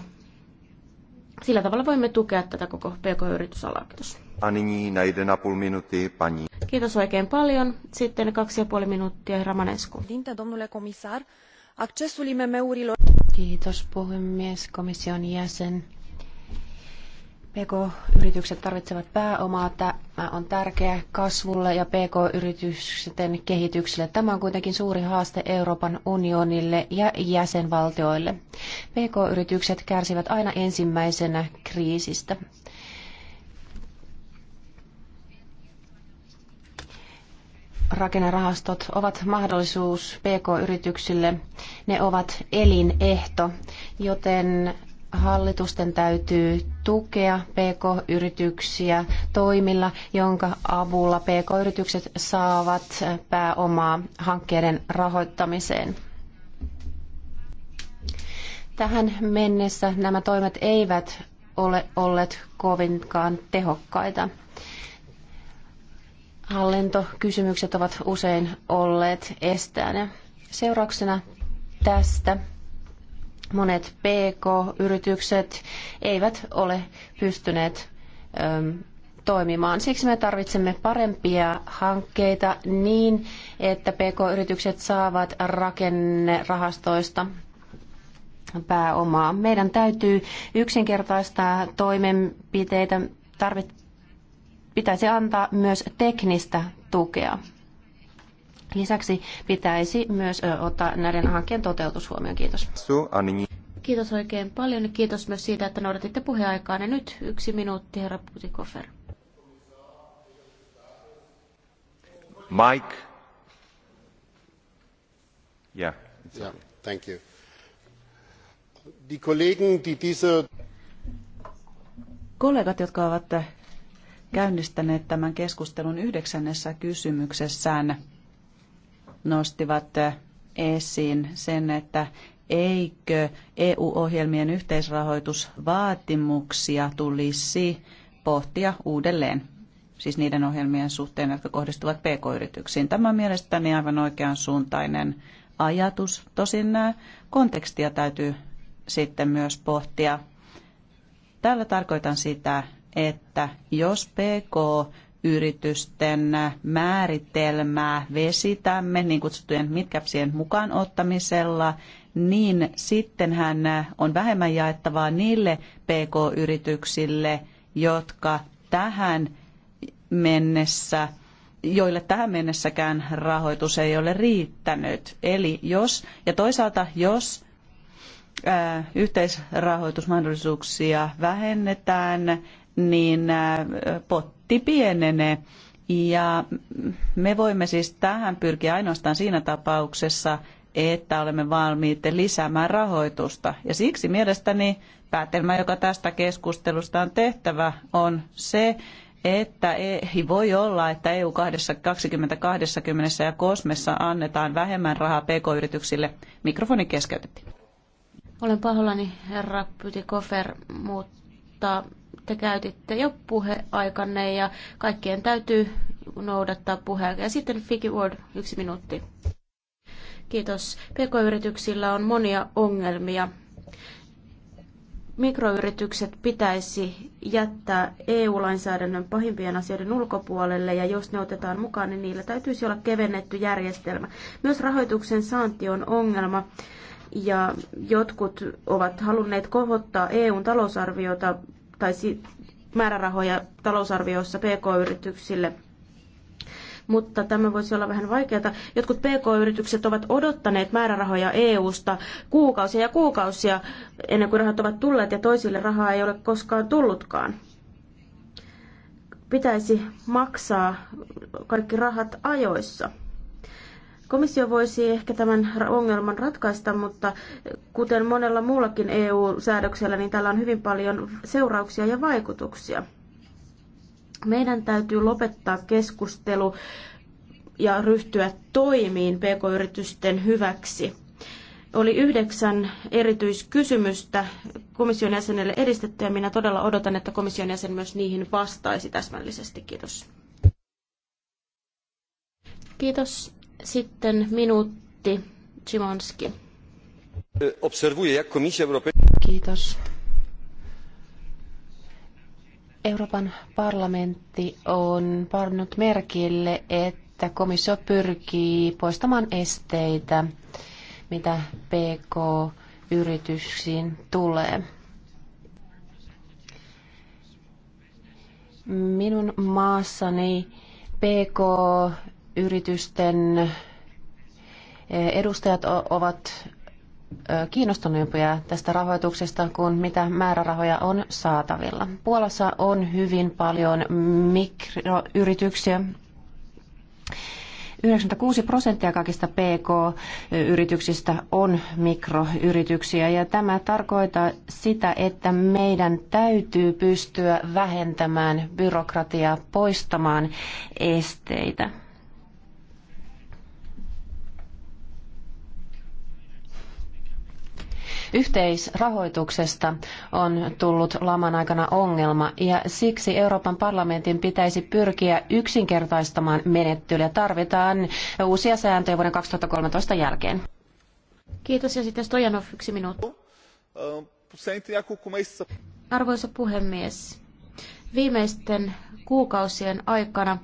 Sillä tavalla voimme tukea tätä koko pk-yritysalaa. Kiitos. A nyní na Kiitos oikein paljon. Sitten kaksi ja puoli minuuttia Ramanescu. Dinte, domnule accesul IMM-urilor... Kiitos puhemies, komission jäsen. PK-yritykset tarvitsevat pääomaa. Tämä on tärkeä kasvulle ja PK-yritysten kehitykselle. Tämä on kuitenkin suuri haaste Euroopan unionille ja jäsenvaltioille. PK-yritykset kärsivät aina ensimmäisenä kriisistä. rakennerahastot ovat mahdollisuus PK-yrityksille. Ne ovat elinehto, joten hallitusten täytyy tukea PK-yrityksiä toimilla, jonka avulla PK-yritykset saavat pääomaa hankkeiden rahoittamiseen. Tähän mennessä nämä toimet eivät ole olleet kovinkaan tehokkaita. Hallintokysymykset ovat usein olleet esteenä. Seurauksena tästä monet PK-yritykset eivät ole pystyneet toimimaan. Siksi me tarvitsemme parempia hankkeita niin, että PK-yritykset saavat rakennerahastoista pääomaa. Meidän täytyy yksinkertaistaa toimenpiteitä, tarvitsemme pitäisi antaa myös teknistä tukea. Lisäksi pitäisi myös ottaa näiden hankkeen toteutus huomioon. Kiitos. Kiitos oikein paljon ja kiitos myös siitä, että noudatitte puheaikaa. Ja nyt yksi minuutti, herra Putikofer. Mike. Yeah, yeah, thank you. Die Kollegen, die diese Kollegat, jotka ovat käynnistäneet tämän keskustelun yhdeksännessä kysymyksessään, nostivat esiin sen, että eikö EU-ohjelmien yhteisrahoitusvaatimuksia tulisi pohtia uudelleen, siis niiden ohjelmien suhteen, jotka kohdistuvat pk-yrityksiin. Tämä on mielestäni aivan oikean suuntainen ajatus. Tosin nämä kontekstia täytyy sitten myös pohtia. Tällä tarkoitan sitä, että jos PK yritysten määritelmää vesitämme niin kutsuttujen mitkäpsien mukaan ottamisella, niin sittenhän on vähemmän jaettavaa niille PK-yrityksille, jotka tähän mennessä joille tähän mennessäkään rahoitus ei ole riittänyt. Eli jos, ja toisaalta jos ää, yhteisrahoitusmahdollisuuksia vähennetään, niin äh, potti pienenee. Ja me voimme siis tähän pyrkiä ainoastaan siinä tapauksessa, että olemme valmiit lisäämään rahoitusta. Ja siksi mielestäni päätelmä, joka tästä keskustelusta on tehtävä, on se, että ei voi olla, että EU 2020 ja Kosmessa annetaan vähemmän rahaa pk-yrityksille. Mikrofoni keskeytettiin. Olen pahoillani, herra Pytikofer, mutta te käytitte jo puheaikanne ja kaikkien täytyy noudattaa puheaikaa. Ja sitten Figi Ward, yksi minuutti. Kiitos. PK-yrityksillä on monia ongelmia. Mikroyritykset pitäisi jättää EU-lainsäädännön pahimpien asioiden ulkopuolelle ja jos ne otetaan mukaan, niin niillä täytyisi olla kevennetty järjestelmä. Myös rahoituksen saanti on ongelma ja jotkut ovat halunneet kohottaa EUn talousarviota tai määrärahoja talousarvioissa PK-yrityksille mutta tämä voisi olla vähän vaikeaa. Jotkut PK-yritykset ovat odottaneet määrärahoja EU-sta kuukausia ja kuukausia ennen kuin rahat ovat tulleet ja toisille rahaa ei ole koskaan tullutkaan. Pitäisi maksaa kaikki rahat ajoissa. Komissio voisi ehkä tämän ongelman ratkaista, mutta kuten monella muullakin EU-säädöksellä, niin tällä on hyvin paljon seurauksia ja vaikutuksia. Meidän täytyy lopettaa keskustelu ja ryhtyä toimiin pk-yritysten hyväksi. Oli yhdeksän erityiskysymystä komission jäsenelle edistetty ja minä todella odotan, että komission jäsen myös niihin vastaisi täsmällisesti. Kiitos. Kiitos. Sitten minuutti, Simonski. Obserwuję, jak Komisja Europejska... Kiitos. Euroopan parlamentti on pannut merkille, että komissio pyrkii poistamaan esteitä, mitä PK-yrityksiin tulee. Minun maassani PK yritysten eh, edustajat ovat eh, kiinnostuneempia tästä rahoituksesta kuin mitä määrärahoja on saatavilla. Puolassa on hyvin paljon mikroyrityksiä. 96 prosenttia kaikista PK-yrityksistä on mikroyrityksiä ja tämä tarkoittaa sitä, että meidän täytyy pystyä vähentämään byrokratiaa, poistamaan esteitä. Yhteisrahoituksesta on tullut laman aikana ongelma ja siksi Euroopan parlamentin pitäisi pyrkiä yksinkertaistamaan menettelyä. Tarvitaan uusia sääntöjä vuoden 2013 jälkeen. Kiitos ja sitten Stojanov yksi minuutti. Arvoisa puhemies, viimeisten kuukausien aikana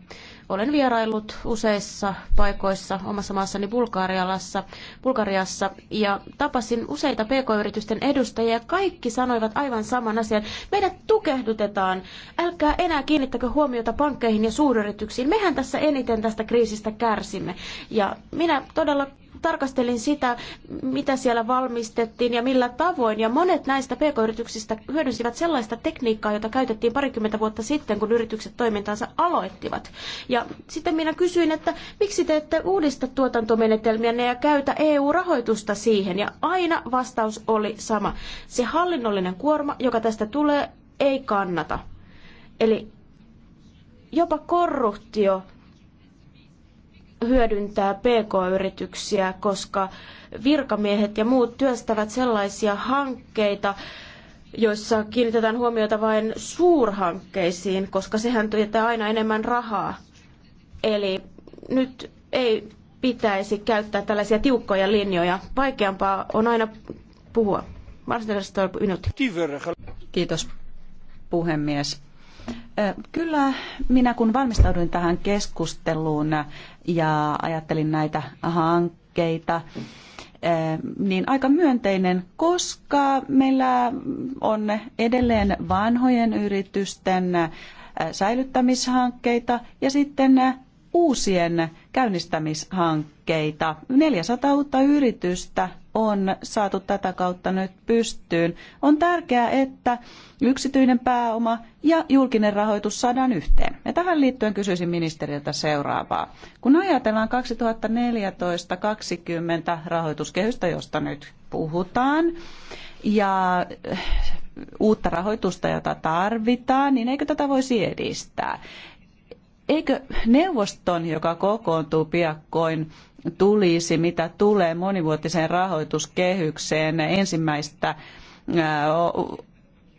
olen vieraillut useissa paikoissa omassa maassani Bulgarialassa, Bulgariassa ja tapasin useita pk-yritysten edustajia. Kaikki sanoivat aivan saman asian. Meidät tukehdutetaan. Älkää enää kiinnittäkö huomiota pankkeihin ja suuryrityksiin. Mehän tässä eniten tästä kriisistä kärsimme. Ja minä todella tarkastelin sitä, mitä siellä valmistettiin ja millä tavoin. Ja monet näistä pk-yrityksistä hyödynsivät sellaista tekniikkaa, jota käytettiin parikymmentä vuotta sitten, kun yritykset toimintansa aloittivat. Ja sitten minä kysyin, että miksi te ette uudista tuotantomenetelmiä ja käytä EU-rahoitusta siihen? Ja aina vastaus oli sama. Se hallinnollinen kuorma, joka tästä tulee, ei kannata. Eli jopa korruptio hyödyntää PK-yrityksiä, koska virkamiehet ja muut työstävät sellaisia hankkeita, joissa kiinnitetään huomiota vain suurhankkeisiin, koska sehän tietää aina enemmän rahaa. Eli nyt ei pitäisi käyttää tällaisia tiukkoja linjoja. Vaikeampaa on aina puhua. Kiitos puhemies. Kyllä minä kun valmistauduin tähän keskusteluun, ja ajattelin näitä hankkeita, eh, niin aika myönteinen, koska meillä on edelleen vanhojen yritysten eh, säilyttämishankkeita ja sitten eh, uusien käynnistämishankkeita. 400 uutta yritystä on saatu tätä kautta nyt pystyyn. On tärkeää, että yksityinen pääoma ja julkinen rahoitus saadaan yhteen. Ja tähän liittyen kysyisin ministeriltä seuraavaa. Kun ajatellaan 2014-2020 rahoituskehystä, josta nyt puhutaan, ja uutta rahoitusta, jota tarvitaan, niin eikö tätä voisi edistää? Eikö neuvoston, joka kokoontuu piakkoin tulisi, mitä tulee monivuotiseen rahoituskehykseen ensimmäistä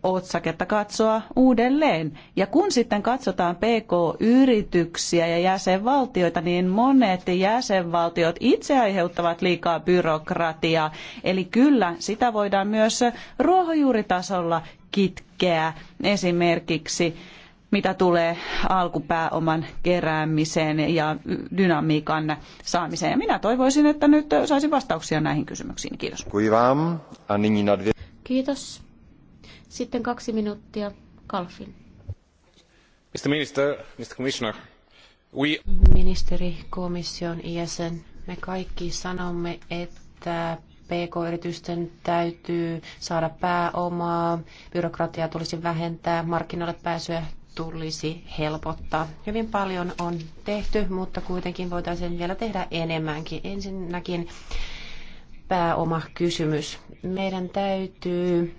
otsaketta katsoa uudelleen. Ja kun sitten katsotaan PK-yrityksiä ja jäsenvaltioita, niin monet jäsenvaltiot itse aiheuttavat liikaa byrokratiaa. Eli kyllä sitä voidaan myös ruohonjuuritasolla kitkeä esimerkiksi mitä tulee alkupääoman keräämiseen ja dynamiikan saamiseen. minä toivoisin, että nyt saisin vastauksia näihin kysymyksiin. Kiitos. Kiitos. Sitten kaksi minuuttia. Kalfin. Mr. Minister, Mr. Commissioner, we... Ministeri, komission jäsen, me kaikki sanomme, että PK-yritysten täytyy saada pääomaa, byrokratiaa tulisi vähentää, markkinoille pääsyä tulisi helpottaa. Hyvin paljon on tehty, mutta kuitenkin voitaisiin vielä tehdä enemmänkin. Ensinnäkin pääomakysymys. Meidän täytyy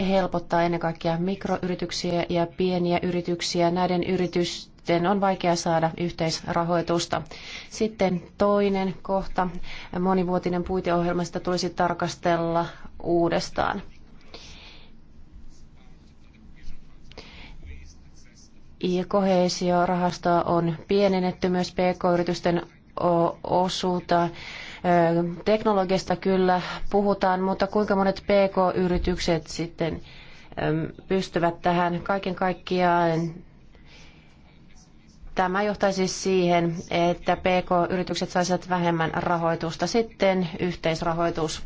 helpottaa ennen kaikkea mikroyrityksiä ja pieniä yrityksiä. Näiden yritysten on vaikea saada yhteisrahoitusta. Sitten toinen kohta, monivuotinen puiteohjelma, sitä tulisi tarkastella uudestaan. ja kohesiorahastoa on pienennetty myös pk-yritysten osuutta. Teknologiasta kyllä puhutaan, mutta kuinka monet pk-yritykset sitten pystyvät tähän kaiken kaikkiaan Tämä johtaisi siihen, että PK-yritykset saisivat vähemmän rahoitusta. Sitten yhteisrahoitus.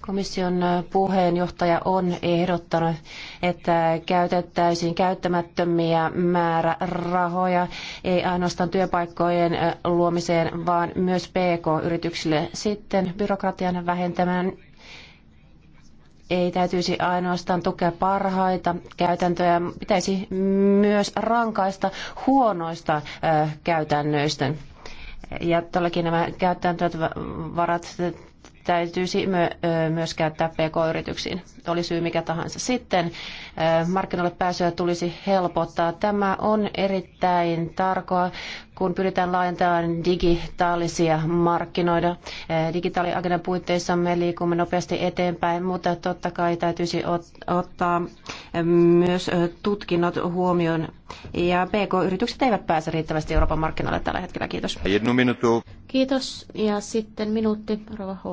Komission äh, puheenjohtaja on ehdottanut, että käytettäisiin käyttämättömiä määrärahoja ei ainoastaan työpaikkojen äh, luomiseen, vaan myös PK-yrityksille. Sitten byrokratian vähentämään ei täytyisi ainoastaan tukea parhaita käytäntöjä, pitäisi myös rankaista huonoista äh, käytännöistä. Ja todellakin nämä käytäntöt varat täytyisi myös käyttää pk-yrityksiin, oli syy mikä tahansa. Sitten markkinoille pääsyä tulisi helpottaa. Tämä on erittäin tarkoa, kun pyritään laajentamaan digitaalisia markkinoita. Eh, digitaaliagendan puitteissa me liikumme nopeasti eteenpäin, mutta totta kai täytyisi ottaa eh, myös eh, tutkinnot huomioon. Ja PK-yritykset eivät pääse riittävästi Euroopan markkinoille tällä hetkellä. Kiitos. Kiitos. Ja sitten minuutti, Rova H.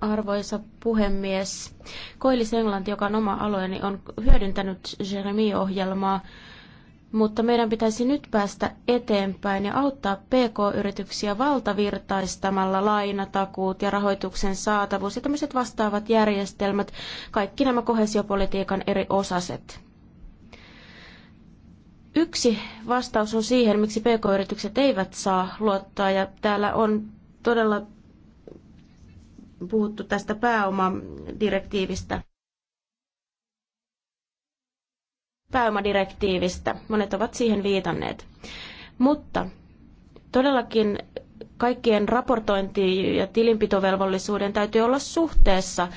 Arvoisa puhemies, Koillis-Englanti, joka on oma alueeni, on hyödyntänyt Jeremy-ohjelmaa mutta meidän pitäisi nyt päästä eteenpäin ja auttaa PK-yrityksiä valtavirtaistamalla lainatakuut ja rahoituksen saatavuus ja tämmöiset vastaavat järjestelmät, kaikki nämä kohesiopolitiikan eri osaset. Yksi vastaus on siihen, miksi PK-yritykset eivät saa luottaa, ja täällä on todella puhuttu tästä pääomadirektiivistä. pääomadirektiivistä. Monet ovat siihen viitanneet. Mutta todellakin kaikkien raportointi- ja tilinpitovelvollisuuden täytyy olla suhteessa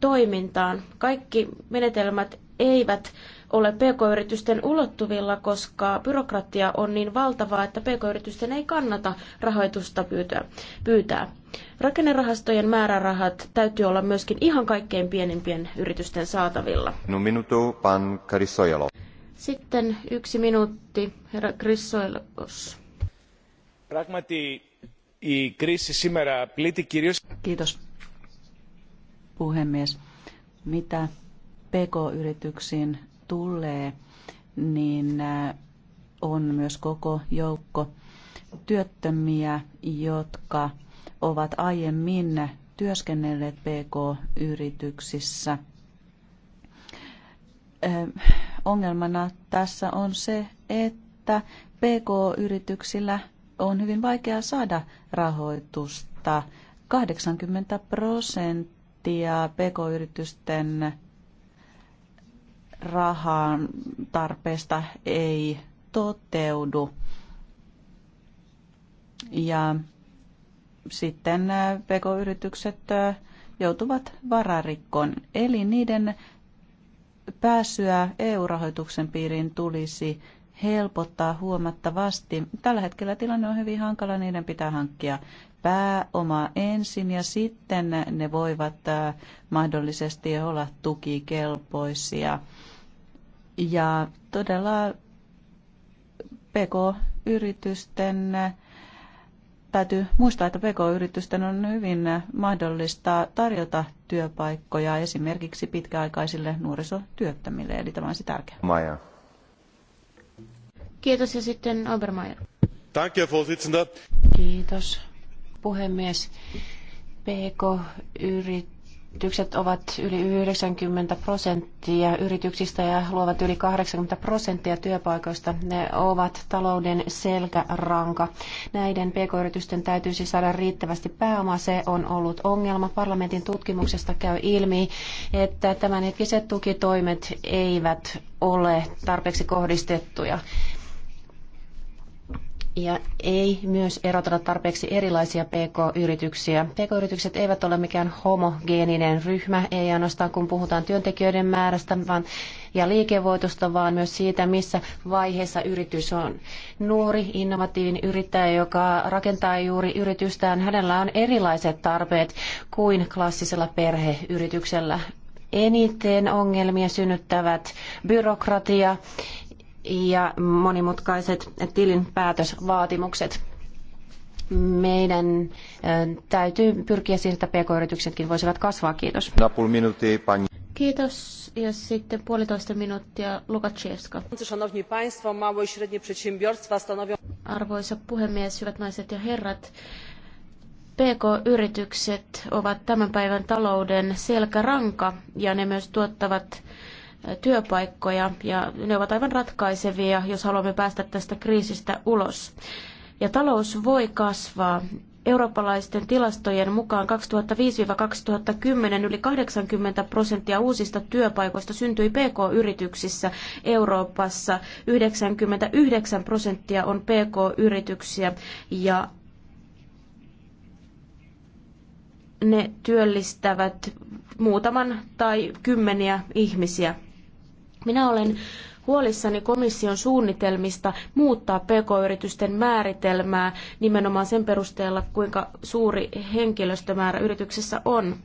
toimintaan. Kaikki menetelmät eivät ole pk-yritysten ulottuvilla, koska byrokratia on niin valtavaa, että pk-yritysten ei kannata rahoitusta pyytää. pyytää. Rakennerahastojen määrärahat täytyy olla myöskin ihan kaikkein pienimpien yritysten saatavilla. No minutu pan Karisojalo. Sitten yksi minuutti, herra Krissoilos. Pragmati i κρίση σήμερα πλήττει κυρίως... Kiitos, puhemies. Mitä PK-yrityksiin tulee, niin äh, on myös koko joukko työttömiä, jotka ovat aiemmin työskennelleet PK-yrityksissä. Äh, ongelmana tässä on se, että PK-yrityksillä on hyvin vaikea saada rahoitusta. 80 prosenttia PK-yritysten rahan tarpeesta ei toteudu. Ja sitten äh, pekoyritykset yritykset äh, joutuvat vararikkoon, eli niiden pääsyä EU-rahoituksen piiriin tulisi helpottaa huomattavasti. Tällä hetkellä tilanne on hyvin hankala, niiden pitää hankkia pääoma ensin ja sitten ne voivat äh, mahdollisesti olla tukikelpoisia. Ja todella PK-yritysten täytyy muistaa, että PK-yritysten on hyvin mahdollista tarjota työpaikkoja esimerkiksi pitkäaikaisille nuorisotyöttömille, eli tämä on se tärkeää. Maja. Kiitos ja sitten Obermeier. Kiitos puhemies. PK-yritykset ovat yli 90 prosenttia yrityksistä ja luovat yli 80 prosenttia työpaikoista. Ne ovat talouden selkäranka. Näiden PK-yritysten täytyisi saada riittävästi pääomaa. Se on ollut ongelma. Parlamentin tutkimuksesta käy ilmi, että tämänhetkiset tukitoimet eivät ole tarpeeksi kohdistettuja ja ei myös erotella tarpeeksi erilaisia pk-yrityksiä. Pk-yritykset eivät ole mikään homogeeninen ryhmä, ei ainoastaan kun puhutaan työntekijöiden määrästä vaan, ja liikevoitosta, vaan myös siitä, missä vaiheessa yritys on. Nuori, innovatiivinen yrittäjä, joka rakentaa juuri yritystään, hänellä on erilaiset tarpeet kuin klassisella perheyrityksellä eniten ongelmia synnyttävät byrokratia ja monimutkaiset tilinpäätösvaatimukset. Meidän täytyy pyrkiä siihen, että pk-yrityksetkin voisivat kasvaa. Kiitos. Kiitos. Ja sitten puolitoista minuuttia Lukaczewska. Arvoisa puhemies, hyvät naiset ja herrat. PK-yritykset ovat tämän päivän talouden selkäranka ja ne myös tuottavat työpaikkoja ja ne ovat aivan ratkaisevia, jos haluamme päästä tästä kriisistä ulos. Ja talous voi kasvaa. Eurooppalaisten tilastojen mukaan 2005-2010 yli 80 prosenttia uusista työpaikoista syntyi PK-yrityksissä Euroopassa. 99 prosenttia on PK-yrityksiä ja ne työllistävät muutaman tai kymmeniä ihmisiä. Minä olen huolissani komission suunnitelmista muuttaa pk-yritysten määritelmää nimenomaan sen perusteella, kuinka suuri henkilöstömäärä yrityksessä on.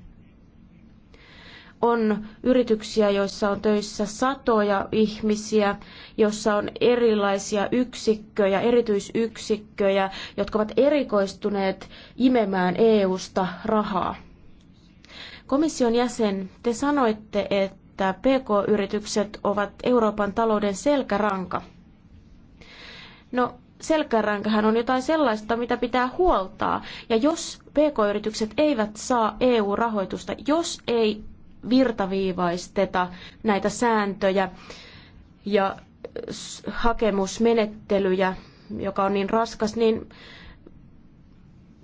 On yrityksiä, joissa on töissä satoja ihmisiä, joissa on erilaisia yksikköjä, erityisyksikköjä, jotka ovat erikoistuneet imemään EU-sta rahaa. Komission jäsen, te sanoitte, että että PK-yritykset ovat Euroopan talouden selkäranka. No, selkärankahan on jotain sellaista, mitä pitää huoltaa. Ja jos PK-yritykset eivät saa EU-rahoitusta, jos ei virtaviivaisteta näitä sääntöjä ja hakemusmenettelyjä, joka on niin raskas, niin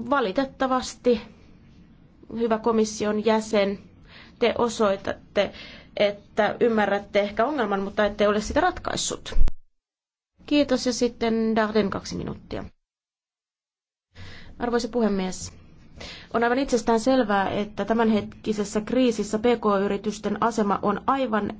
valitettavasti, hyvä komission jäsen, te osoitatte että ymmärrätte ehkä ongelman, mutta ette ole sitä ratkaissut. Kiitos ja sitten Darden kaksi minuuttia. Arvoisa puhemies, on aivan itsestään selvää, että tämänhetkisessä kriisissä PK-yritysten asema on aivan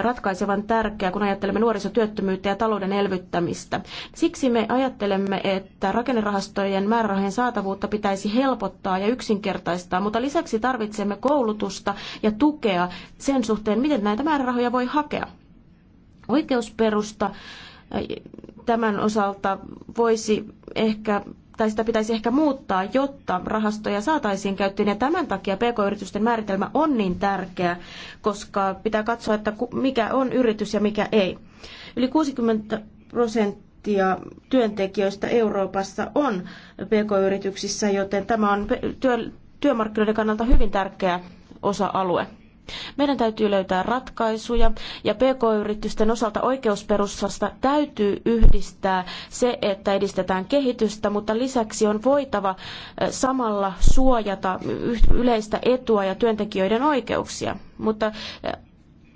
ratkaisevan tärkeä, kun ajattelemme nuorisotyöttömyyttä ja talouden elvyttämistä. Siksi me ajattelemme, että rakennerahastojen määrärahojen saatavuutta pitäisi helpottaa ja yksinkertaistaa, mutta lisäksi tarvitsemme koulutusta ja tukea sen suhteen, miten näitä määrärahoja voi hakea. Oikeusperusta tämän osalta voisi ehkä tai sitä pitäisi ehkä muuttaa, jotta rahastoja saataisiin käyttöön. Ja tämän takia pk-yritysten määritelmä on niin tärkeä, koska pitää katsoa, että mikä on yritys ja mikä ei. Yli 60 prosenttia työntekijöistä Euroopassa on pk-yrityksissä, joten tämä on työmarkkinoiden kannalta hyvin tärkeä osa-alue. Meidän täytyy löytää ratkaisuja ja pk-yritysten osalta oikeusperustasta täytyy yhdistää se, että edistetään kehitystä, mutta lisäksi on voitava samalla suojata yleistä etua ja työntekijöiden oikeuksia. Mutta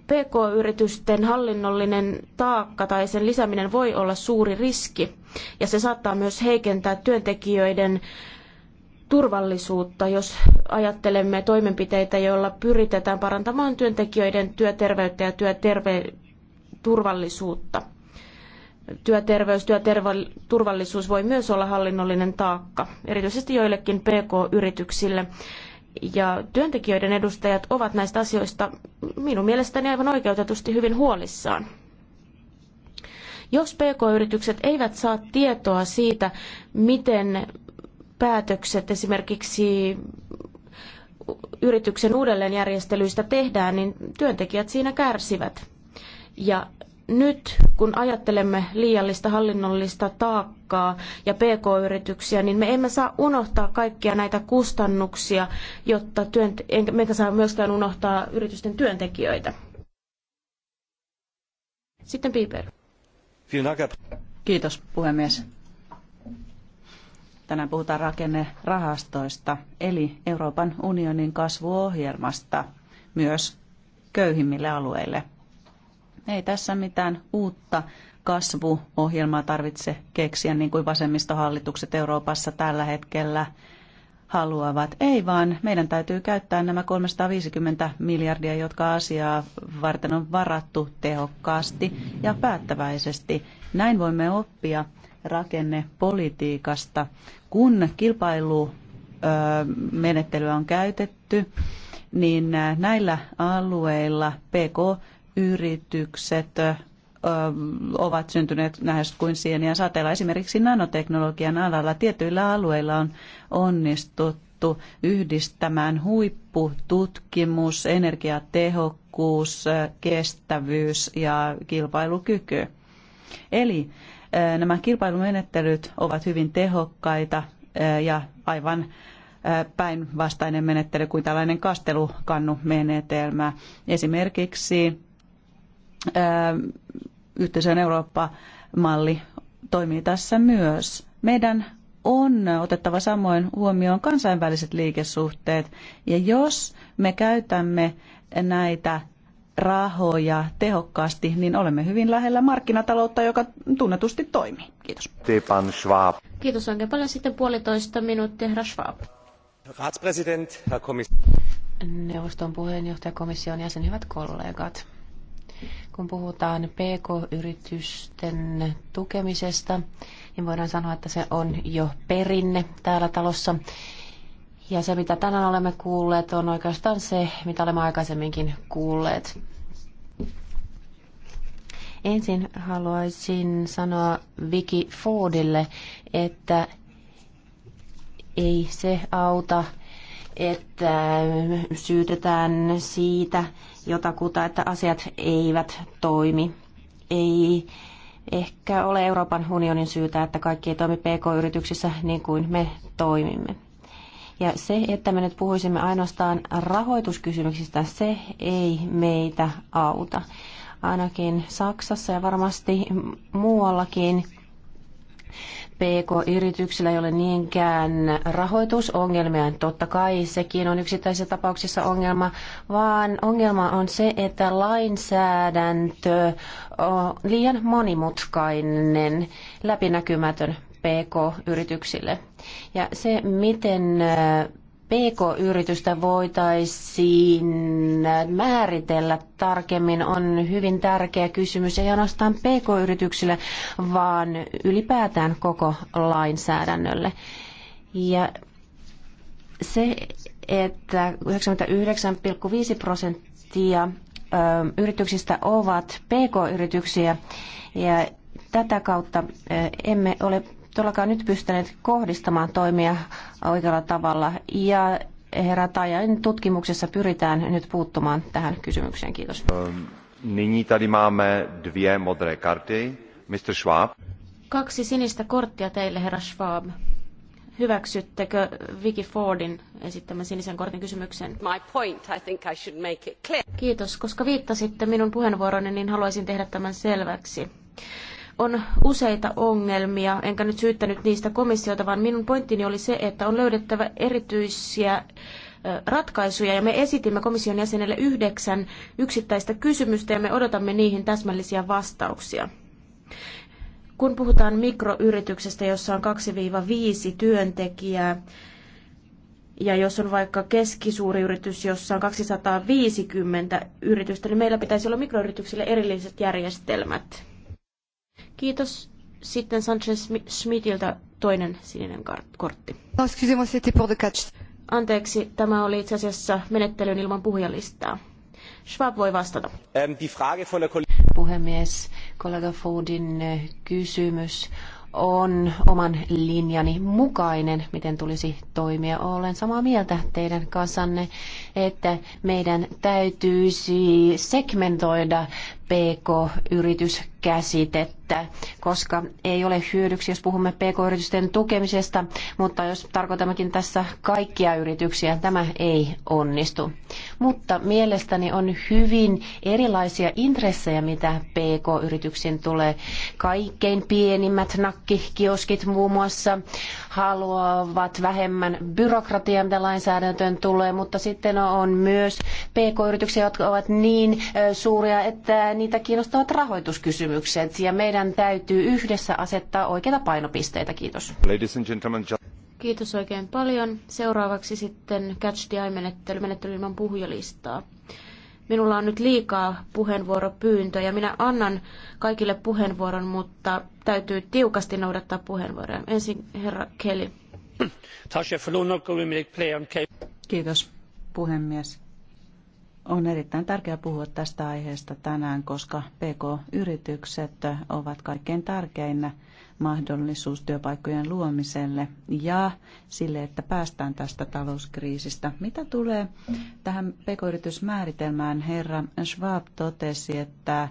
PK-yritysten hallinnollinen taakka tai sen lisääminen voi olla suuri riski ja se saattaa myös heikentää työntekijöiden turvallisuutta, jos ajattelemme toimenpiteitä, joilla pyritetään parantamaan työntekijöiden työterveyttä ja työterve- turvallisuutta. Työterveys, työturvallisuus voi myös olla hallinnollinen taakka, erityisesti joillekin PK-yrityksille. Ja työntekijöiden edustajat ovat näistä asioista minun mielestäni aivan oikeutetusti hyvin huolissaan. Jos PK-yritykset eivät saa tietoa siitä, miten päätökset esimerkiksi yrityksen uudelleenjärjestelyistä tehdään, niin työntekijät siinä kärsivät. Ja nyt kun ajattelemme liiallista hallinnollista taakkaa ja pk-yrityksiä, niin me emme saa unohtaa kaikkia näitä kustannuksia, jotta työnt- emmekä saa myöskään unohtaa yritysten työntekijöitä. Sitten Piper. Kiitos puhemies. Tänään puhutaan rakennerahastoista, eli Euroopan unionin kasvuohjelmasta myös köyhimmille alueille. Ei tässä mitään uutta kasvuohjelmaa tarvitse keksiä, niin kuin vasemmistohallitukset Euroopassa tällä hetkellä haluavat. Ei vaan, meidän täytyy käyttää nämä 350 miljardia, jotka asiaa varten on varattu tehokkaasti ja päättäväisesti. Näin voimme oppia rakennepolitiikasta kun kilpailumenettelyä on käytetty, niin näillä alueilla PK-yritykset ovat syntyneet lähes kuin sieniä sateella. Esimerkiksi nanoteknologian alalla tietyillä alueilla on onnistuttu yhdistämään huippututkimus, energiatehokkuus, kestävyys ja kilpailukyky. Eli Nämä kilpailumenettelyt ovat hyvin tehokkaita ja aivan päinvastainen menettely kuin tällainen kastelukannumenetelmä. Esimerkiksi yhteisön Eurooppa-malli toimii tässä myös. Meidän on otettava samoin huomioon kansainväliset liikesuhteet. Ja jos me käytämme näitä rahoja tehokkaasti, niin olemme hyvin lähellä markkinataloutta, joka tunnetusti toimii. Kiitos. Stefan Schwab. Kiitos oikein paljon. Sitten puolitoista minuuttia, herra Schwab. Ratspräsident, herr Neuvoston puheenjohtaja, komission jäsen, hyvät kollegat. Kun puhutaan PK-yritysten tukemisesta, niin voidaan sanoa, että se on jo perinne täällä talossa. Ja se, mitä tänään olemme kuulleet, on oikeastaan se, mitä olemme aikaisemminkin kuulleet. Ensin haluaisin sanoa Vicky Fordille, että ei se auta, että syytetään siitä jotakuta, että asiat eivät toimi. Ei ehkä ole Euroopan unionin syytä, että kaikki ei toimi pk-yrityksissä niin kuin me toimimme. Ja se, että me nyt puhuisimme ainoastaan rahoituskysymyksistä, se ei meitä auta. Ainakin Saksassa ja varmasti muuallakin PK-yrityksillä ei ole niinkään rahoitusongelmia, totta kai sekin on yksittäisissä tapauksissa ongelma, vaan ongelma on se, että lainsäädäntö on liian monimutkainen, läpinäkymätön PK-yrityksille. Ja se, miten PK-yritystä voitaisiin määritellä tarkemmin on hyvin tärkeä kysymys, ei ainoastaan PK-yrityksille, vaan ylipäätään koko lainsäädännölle. Ja se, että 99,5 prosenttia yrityksistä ovat PK-yrityksiä ja tätä kautta emme ole todellakaan nyt pystyneet kohdistamaan toimia oikealla tavalla. Ja herra Tajan tutkimuksessa pyritään nyt puuttumaan tähän kysymykseen. Kiitos. Ehm, nyní tady máme dvě modré karty. Mr. Schwab. Kaksi sinistä korttia teille, herra Schwab. Hyväksyttekö Vicky Fordin esittämän sinisen kortin kysymyksen? My point, I think I should make it clear. Kiitos, koska viittasitte minun puheenvuoroni, niin haluaisin tehdä tämän selväksi on useita ongelmia, enkä nyt syyttänyt niistä komissiota, vaan minun pointtini oli se, että on löydettävä erityisiä ratkaisuja ja me esitimme komission jäsenelle yhdeksän yksittäistä kysymystä ja me odotamme niihin täsmällisiä vastauksia. Kun puhutaan mikroyrityksestä, jossa on 2-5 työntekijää, ja jos on vaikka keskisuuri yritys, jossa on 250 yritystä, niin meillä pitäisi olla mikroyrityksille erilliset järjestelmät. Kiitos. Sitten Sanchez Schmidtiltä toinen sininen kortti. Anteeksi, tämä oli itse asiassa menettelyn ilman puhujalistaa. Schwab voi vastata. Ähm, Puhemies, kollega Foodin äh, kysymys on oman linjani mukainen, miten tulisi toimia. Olen samaa mieltä teidän kansanne, että meidän täytyisi segmentoida PK-yrityskäsitettä, koska ei ole hyödyksi, jos puhumme PK-yritysten tukemisesta, mutta jos tarkoitammekin tässä kaikkia yrityksiä, tämä ei onnistu. Mutta mielestäni on hyvin erilaisia intressejä, mitä PK-yrityksiin tulee. Kaikkein pienimmät nakkikioskit muun muassa haluavat vähemmän byrokratiaa, mitä lainsäädäntöön tulee, mutta sitten on myös pk-yrityksiä, jotka ovat niin suuria, että niitä kiinnostavat rahoituskysymykset. Ja meidän täytyy yhdessä asettaa oikeita painopisteitä. Kiitos. Kiitos oikein paljon. Seuraavaksi sitten Catch the Eye-menettely, menettely ilman puhujalistaa. Minulla on nyt liikaa puheenvuoropyyntöjä. Minä annan kaikille puheenvuoron, mutta täytyy tiukasti noudattaa puheenvuoroja. Ensin herra Kelly. Kiitos puhemies. On erittäin tärkeää puhua tästä aiheesta tänään, koska PK-yritykset ovat kaikkein tärkein mahdollisuus työpaikkojen luomiselle ja sille, että päästään tästä talouskriisistä. Mitä tulee tähän PK-yritysmääritelmään, herra Schwab totesi, että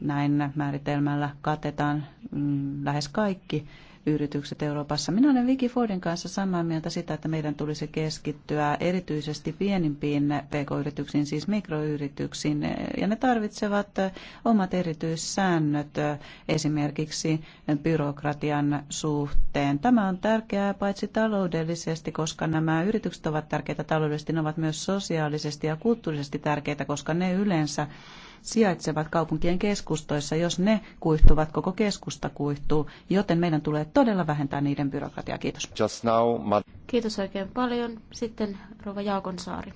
näin määritelmällä katetaan mm, lähes kaikki yritykset Euroopassa. Minä olen Vicky Fordin kanssa samaa mieltä sitä, että meidän tulisi keskittyä erityisesti pienimpiin pk-yrityksiin, siis mikroyrityksiin, ja ne tarvitsevat omat erityissäännöt esimerkiksi byrokratian suhteen. Tämä on tärkeää paitsi taloudellisesti, koska nämä yritykset ovat tärkeitä taloudellisesti, ne ovat myös sosiaalisesti ja kulttuurisesti tärkeitä, koska ne yleensä sijaitsevat kaupunkien keskustoissa, jos ne kuihtuvat, koko keskusta kuihtuu, joten meidän tulee todella vähentää niiden byrokratiaa. Kiitos. Just now, Kiitos oikein paljon. Sitten Rova Jaakonsaari.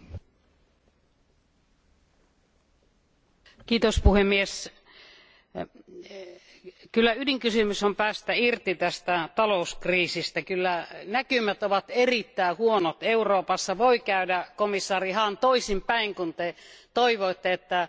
Kiitos puhemies kyllä ydinkysymys on päästä irti tästä talouskriisistä. kyllä näkymät ovat erittäin huonot euroopassa. voi käydä komissaari hahn toisinpäin kuin te toivoitte että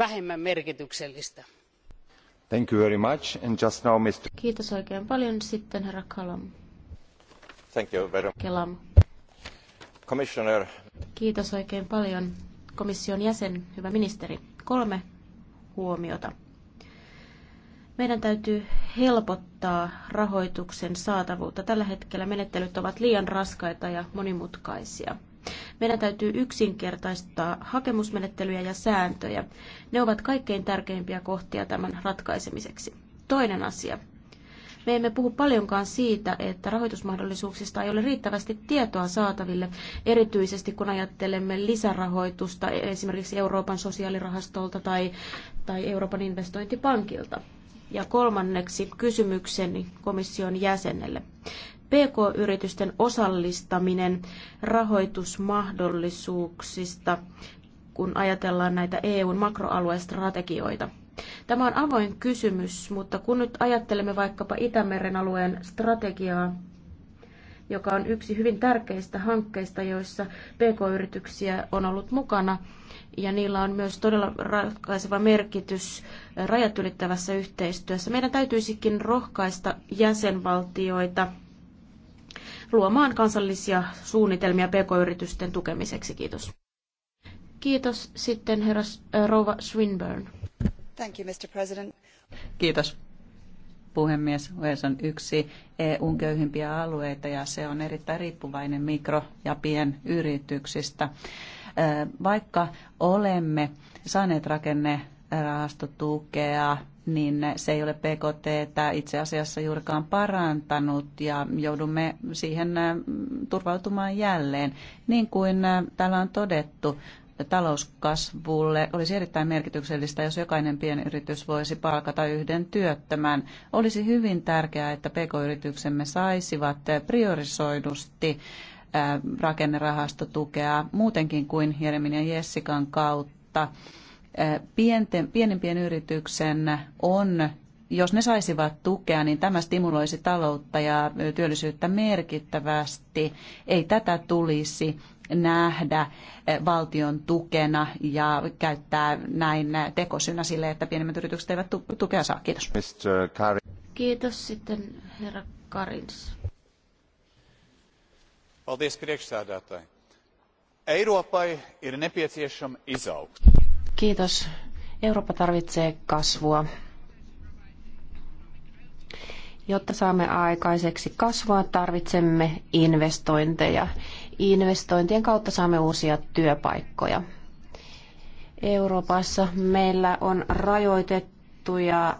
vähemmän merkityksellistä. Thank you very much. And just now, Mr. Kiitos oikein paljon. Sitten herra Kalam. Thank you very much. Kelam. Commissioner. Kiitos oikein paljon. Komission jäsen, hyvä ministeri. Kolme huomiota. Meidän täytyy helpottaa rahoituksen saatavuutta. Tällä hetkellä menettelyt ovat liian raskaita ja monimutkaisia. Meidän täytyy yksinkertaistaa hakemusmenettelyjä ja sääntöjä. Ne ovat kaikkein tärkeimpiä kohtia tämän ratkaisemiseksi. Toinen asia. Me emme puhu paljonkaan siitä, että rahoitusmahdollisuuksista ei ole riittävästi tietoa saataville, erityisesti kun ajattelemme lisärahoitusta esimerkiksi Euroopan sosiaalirahastolta tai, tai Euroopan investointipankilta. Ja kolmanneksi kysymykseni komission jäsenelle. PK-yritysten osallistaminen rahoitusmahdollisuuksista, kun ajatellaan näitä EUn makroaluestrategioita. Tämä on avoin kysymys, mutta kun nyt ajattelemme vaikkapa Itämeren alueen strategiaa, joka on yksi hyvin tärkeistä hankkeista, joissa PK-yrityksiä on ollut mukana, ja niillä on myös todella ratkaiseva merkitys rajat ylittävässä yhteistyössä. Meidän täytyisikin rohkaista jäsenvaltioita luomaan kansallisia suunnitelmia pk-yritysten tukemiseksi. Kiitos. Kiitos sitten herra äh, Rova Swinburne. Thank you, Mr. President. Kiitos puhemies. Wales on yksi EUn köyhimpiä alueita ja se on erittäin riippuvainen mikro- ja pienyrityksistä. Äh, vaikka olemme saaneet rakenne rahastotukea, niin se ei ole PKT itse asiassa juurikaan parantanut ja joudumme siihen turvautumaan jälleen. Niin kuin täällä on todettu, talouskasvulle olisi erittäin merkityksellistä, jos jokainen pienyritys voisi palkata yhden työttömän. Olisi hyvin tärkeää, että pk-yrityksemme saisivat priorisoidusti rakennerahastotukea muutenkin kuin Jeremin ja Jessikan kautta kautta pienten, pienimpien yrityksen on, jos ne saisivat tukea, niin tämä stimuloisi taloutta ja työllisyyttä merkittävästi. Ei tätä tulisi nähdä valtion tukena ja käyttää näin tekosynä sille, että pienemmät yritykset eivät tukea saa. Kiitos. Kiitos sitten herra Karins. Paldies priekšsēdētāji. Eiropai ir nepieciešama izaugsme. Kiitos. Eurooppa tarvitsee kasvua. Jotta saamme aikaiseksi kasvua, tarvitsemme investointeja. Investointien kautta saamme uusia työpaikkoja. Euroopassa meillä on rajoitettuja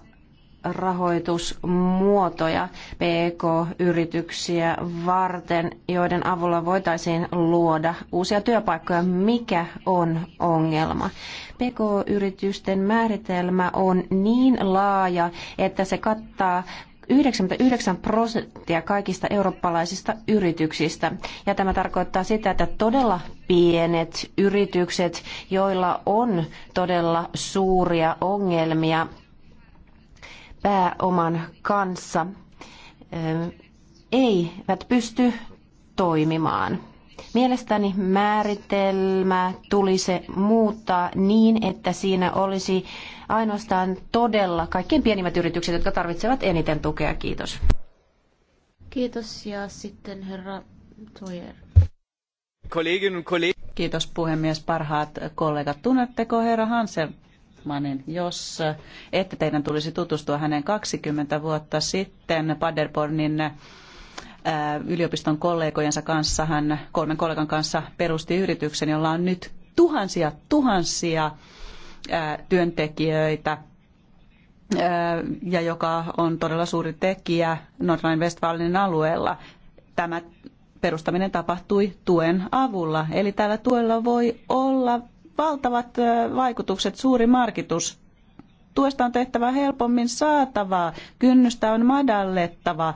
rahoitusmuotoja PK-yrityksiä varten, joiden avulla voitaisiin luoda uusia työpaikkoja. Mikä on ongelma? PK-yritysten määritelmä on niin laaja, että se kattaa 99 prosenttia kaikista eurooppalaisista yrityksistä. Ja tämä tarkoittaa sitä, että todella pienet yritykset, joilla on todella suuria ongelmia pääoman kanssa eivät pysty toimimaan. Mielestäni määritelmä tulisi muuttaa niin, että siinä olisi ainoastaan todella kaikkien pienimmät yritykset, jotka tarvitsevat eniten tukea. Kiitos. Kiitos ja sitten herra Toyer. Kiitos puhemies, parhaat kollegat. Tunnetteko herra Hansen Hoffmanin, jos eh, ette teidän tulisi tutustua hänen 20 vuotta sitten Paderbornin eh, yliopiston kollegojensa kanssa, hän kolmen kollegan kanssa perusti yrityksen, jolla on nyt tuhansia, tuhansia eh, työntekijöitä ja joka on todella suuri tekijä Nordrhein-Westfalenin alueella. Tämä perustaminen tapahtui tuen avulla. Eli tällä tuella voi olla valtavat vaikutukset, suuri markitus. Tuesta on tehtävä helpommin saatavaa, kynnystä on madallettava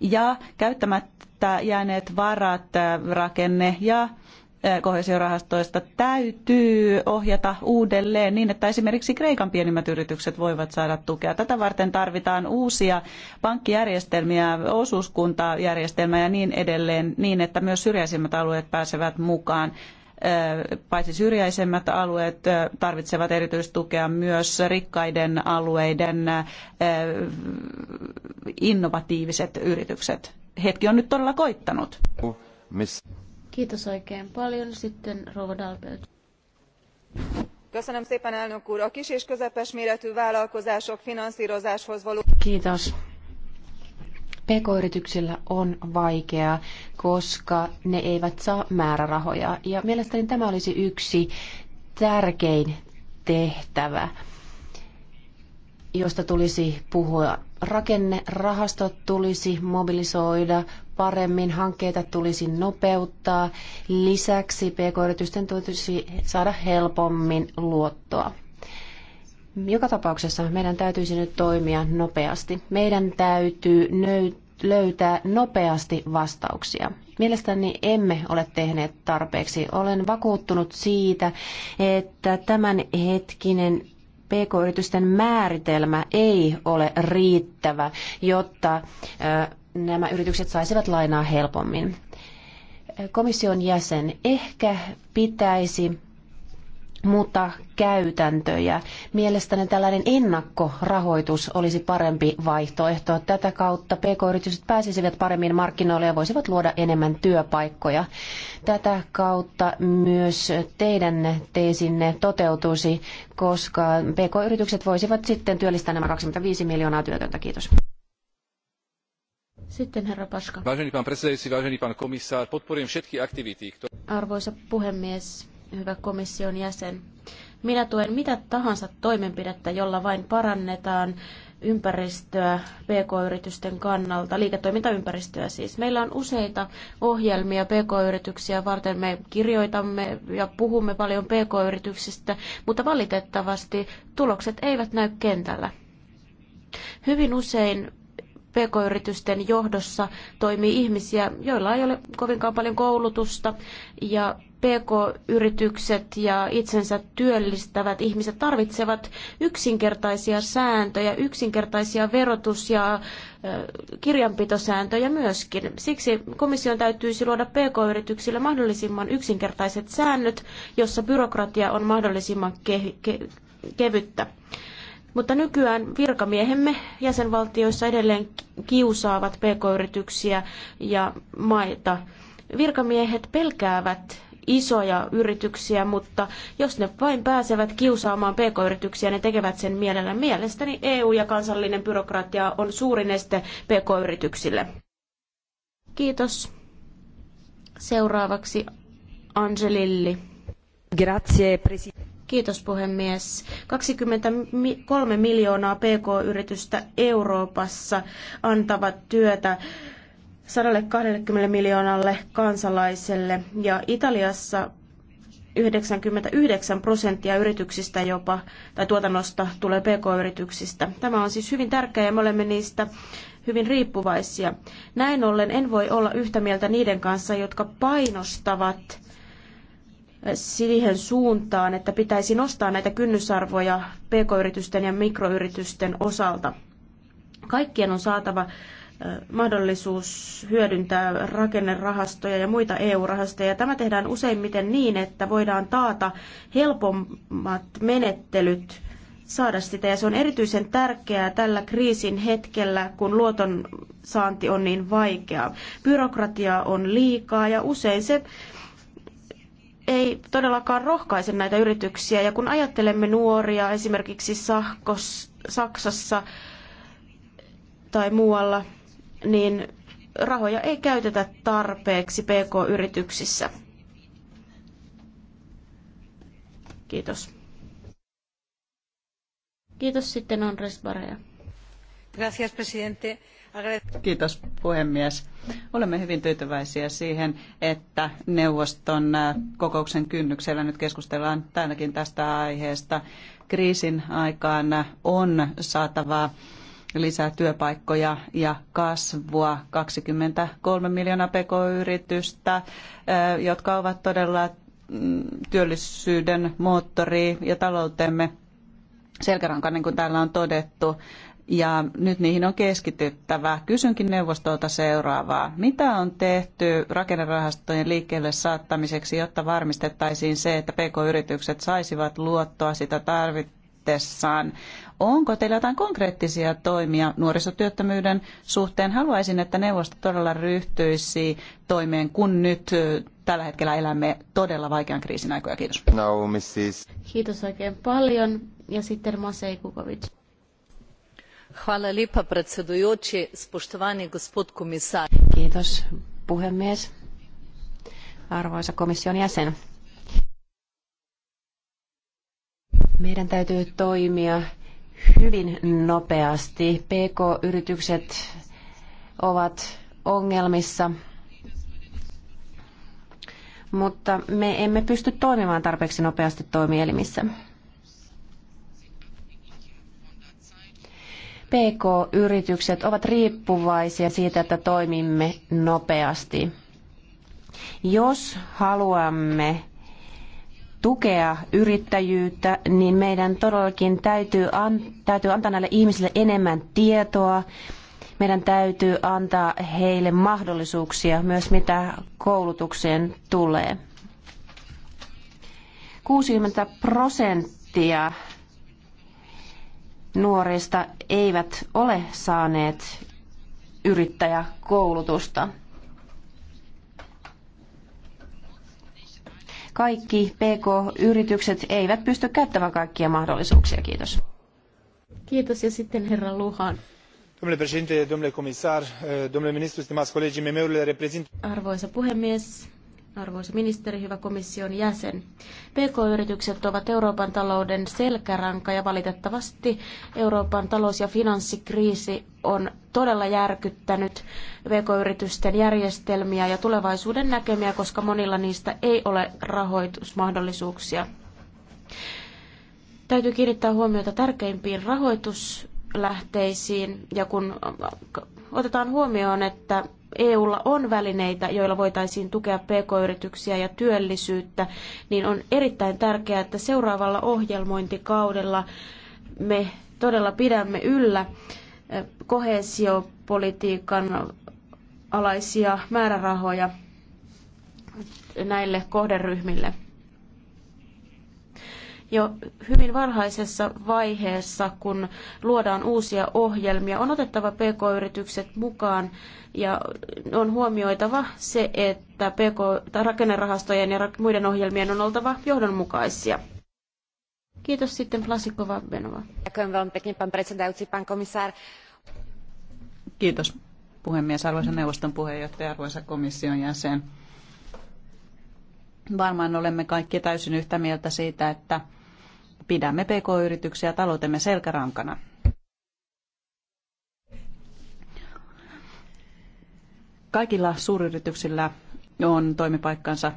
ja käyttämättä jääneet varat, rakenne ja kohesiorahastoista täytyy ohjata uudelleen niin, että esimerkiksi Kreikan pienimmät yritykset voivat saada tukea. Tätä varten tarvitaan uusia pankkijärjestelmiä, osuuskuntajärjestelmää ja niin edelleen, niin että myös syrjäisimmät alueet pääsevät mukaan paitsi syrjäisemmät alueet tarvitsevat erityistukea myös rikkaiden alueiden innovatiiviset yritykset. Hetki on nyt todella koittanut. Kiitos oikein paljon. Sitten Rova Dalbelt. Köszönöm szépen, elnök úr! A kis és közepes méretű vállalkozások finanszírozáshoz való... Kiitos PK-yrityksillä on vaikeaa, koska ne eivät saa määrärahoja. Ja mielestäni tämä olisi yksi tärkein tehtävä, josta tulisi puhua. Rakennerahastot tulisi mobilisoida paremmin, hankkeita tulisi nopeuttaa. Lisäksi PK-yritysten tulisi saada helpommin luottoa. Joka tapauksessa meidän täytyisi nyt toimia nopeasti. Meidän täytyy löytää nopeasti vastauksia. Mielestäni emme ole tehneet tarpeeksi. Olen vakuuttunut siitä, että tämänhetkinen PK-yritysten määritelmä ei ole riittävä, jotta nämä yritykset saisivat lainaa helpommin. Komission jäsen, ehkä pitäisi muuttaa käytäntöjä. Mielestäni tällainen ennakkorahoitus olisi parempi vaihtoehto. Tätä kautta pk-yritykset pääsisivät paremmin markkinoille ja voisivat luoda enemmän työpaikkoja. Tätä kautta myös teidän teesinne toteutuisi, koska pk-yritykset voisivat sitten työllistää nämä 25 miljoonaa työtöntä. Kiitos. Sitten herra Paska. Vážený pán predsedajúci, vážený pán komisár, podporujem všetky aktivity, Arvoisa puhemies, hyvä komission jäsen. Minä tuen mitä tahansa toimenpidettä, jolla vain parannetaan ympäristöä pk-yritysten kannalta, liiketoimintaympäristöä siis. Meillä on useita ohjelmia pk-yrityksiä varten. Me kirjoitamme ja puhumme paljon pk-yrityksistä, mutta valitettavasti tulokset eivät näy kentällä. Hyvin usein pk-yritysten johdossa toimii ihmisiä, joilla ei ole kovinkaan paljon koulutusta ja PK-yritykset ja itsensä työllistävät ihmiset tarvitsevat yksinkertaisia sääntöjä, yksinkertaisia verotus- ja kirjanpitosääntöjä myöskin. Siksi komission täytyisi luoda PK-yrityksille mahdollisimman yksinkertaiset säännöt, jossa byrokratia on mahdollisimman ke- ke- kevyttä. Mutta nykyään virkamiehemme jäsenvaltioissa edelleen kiusaavat pk-yrityksiä ja maita. Virkamiehet pelkäävät isoja yrityksiä, mutta jos ne vain pääsevät kiusaamaan pk-yrityksiä, ne tekevät sen mielellä. Mielestäni EU ja kansallinen byrokratia on suurin este pk-yrityksille. Kiitos. Seuraavaksi Angelilli. Grazie, presidente. Kiitos puhemies. 23 miljoonaa pk-yritystä Euroopassa antavat työtä 120 miljoonalle kansalaiselle ja Italiassa 99 prosenttia yrityksistä jopa tai tuotannosta tulee pk-yrityksistä. Tämä on siis hyvin tärkeää ja me olemme niistä hyvin riippuvaisia. Näin ollen en voi olla yhtä mieltä niiden kanssa, jotka painostavat siihen suuntaan, että pitäisi nostaa näitä kynnysarvoja pk-yritysten ja mikroyritysten osalta. Kaikkien on saatava mahdollisuus hyödyntää rakennerahastoja ja muita EU-rahastoja. Tämä tehdään useimmiten niin, että voidaan taata helpommat menettelyt saada sitä. Ja se on erityisen tärkeää tällä kriisin hetkellä, kun luoton saanti on niin vaikeaa. Byrokratia on liikaa ja usein se ei todellakaan rohkaise näitä yrityksiä. Ja kun ajattelemme nuoria esimerkiksi Sahkos, Saksassa tai muualla, niin rahoja ei käytetä tarpeeksi PK-yrityksissä. Kiitos. Kiitos sitten Andres Barea. Gracias, presidente. Kiitos puhemies. Olemme hyvin tyytyväisiä siihen, että neuvoston äh, kokouksen kynnyksellä nyt keskustellaan tänäkin tästä aiheesta. Kriisin aikaan äh, on saatava lisää työpaikkoja ja kasvua. 23 miljoonaa pk-yritystä, jotka ovat todella mm, työllisyyden moottori ja taloutemme selkäranka, niin kuin täällä on todettu. Ja nyt niihin on keskityttävä. Kysynkin neuvostolta seuraavaa. Mitä on tehty rakennerahastojen liikkeelle saattamiseksi, jotta varmistettaisiin se, että pk-yritykset saisivat luottoa sitä tarvittavaa? tavoitteessaan. Onko teillä jotain konkreettisia toimia nuorisotyöttömyyden suhteen? Haluaisin, että neuvosto todella ryhtyisi toimeen, kun nyt tällä hetkellä elämme todella vaikean kriisin aikoja. Kiitos. No, siis. Kiitos oikein paljon. Ja sitten Masei Kukovic. lipa, Kiitos, puhemies. Arvoisa komission jäsen. Meidän täytyy toimia hyvin nopeasti. PK-yritykset ovat ongelmissa, mutta me emme pysty toimimaan tarpeeksi nopeasti toimielimissä. PK-yritykset ovat riippuvaisia siitä, että toimimme nopeasti. Jos haluamme tukea yrittäjyyttä, niin meidän todellakin täytyy, an, täytyy antaa näille ihmisille enemmän tietoa. Meidän täytyy antaa heille mahdollisuuksia myös mitä koulutukseen tulee. 60 prosenttia nuorista eivät ole saaneet yrittäjäkoulutusta. kaikki PK-yritykset eivät pysty käyttämään kaikkia mahdollisuuksia. Kiitos. Kiitos ja sitten herra Luhan. Domnule președinte, domnule comisar, domnule ministru, stimați colegi, MM-urile reprezintă... Arvoisa puhemies, arvoisa ministeri, hyvä komission jäsen. PK-yritykset ovat Euroopan talouden selkäranka ja valitettavasti Euroopan talous- ja finanssikriisi on todella järkyttänyt PK-yritysten järjestelmiä ja tulevaisuuden näkemiä, koska monilla niistä ei ole rahoitusmahdollisuuksia. Täytyy kiinnittää huomiota tärkeimpiin rahoituslähteisiin ja kun otetaan huomioon, että EUlla on välineitä, joilla voitaisiin tukea pk-yrityksiä ja työllisyyttä, niin on erittäin tärkeää, että seuraavalla ohjelmointikaudella me todella pidämme yllä kohesiopolitiikan alaisia määrärahoja näille kohderyhmille jo hyvin varhaisessa vaiheessa, kun luodaan uusia ohjelmia. On otettava pk-yritykset mukaan ja on huomioitava se, että PK, tai rakennerahastojen ja muiden ohjelmien on oltava johdonmukaisia. Kiitos sitten Plasikova Benova. Kiitos puhemies, arvoisa neuvoston puheenjohtaja, arvoisa komission jäsen varmaan olemme kaikki täysin yhtä mieltä siitä, että pidämme pk-yrityksiä taloutemme selkärankana. Kaikilla suuryrityksillä on toimipaikkansa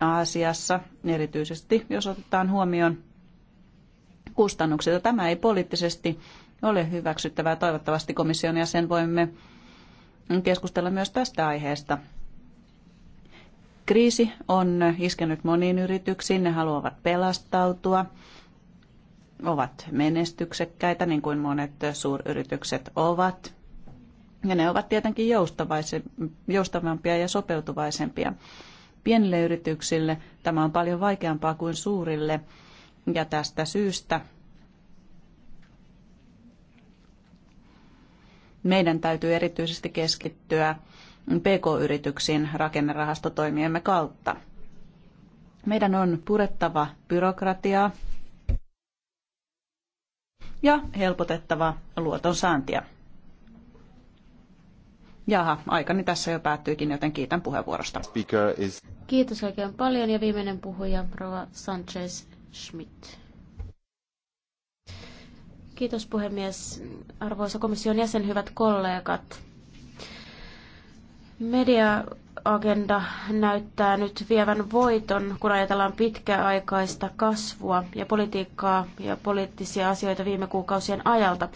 Aasiassa, erityisesti jos otetaan huomioon kustannukset. Tämä ei poliittisesti ole hyväksyttävää. Toivottavasti komission jäsen voimme keskustella myös tästä aiheesta. Kriisi on iskenyt moniin yrityksiin, ne haluavat pelastautua ovat menestyksekkäitä, niin kuin monet suuryritykset ovat. Ja ne ovat tietenkin joustavampia ja sopeutuvaisempia. Pienille yrityksille tämä on paljon vaikeampaa kuin suurille, ja tästä syystä meidän täytyy erityisesti keskittyä PK-yrityksiin rakennerahastotoimiemme kautta. Meidän on purettava byrokratiaa, ja helpotettava luoton saantia. Jaha, aikani tässä jo päättyykin, joten kiitän puheenvuorosta. Is... Kiitos oikein paljon ja viimeinen puhuja, Rova Sanchez Schmidt. Kiitos puhemies. Arvoisa komission jäsen, hyvät kollegat. Media agenda näyttää nyt vievän voiton, kun ajatellaan pitkäaikaista kasvua ja politiikkaa ja poliittisia asioita viime kuukausien ajalta.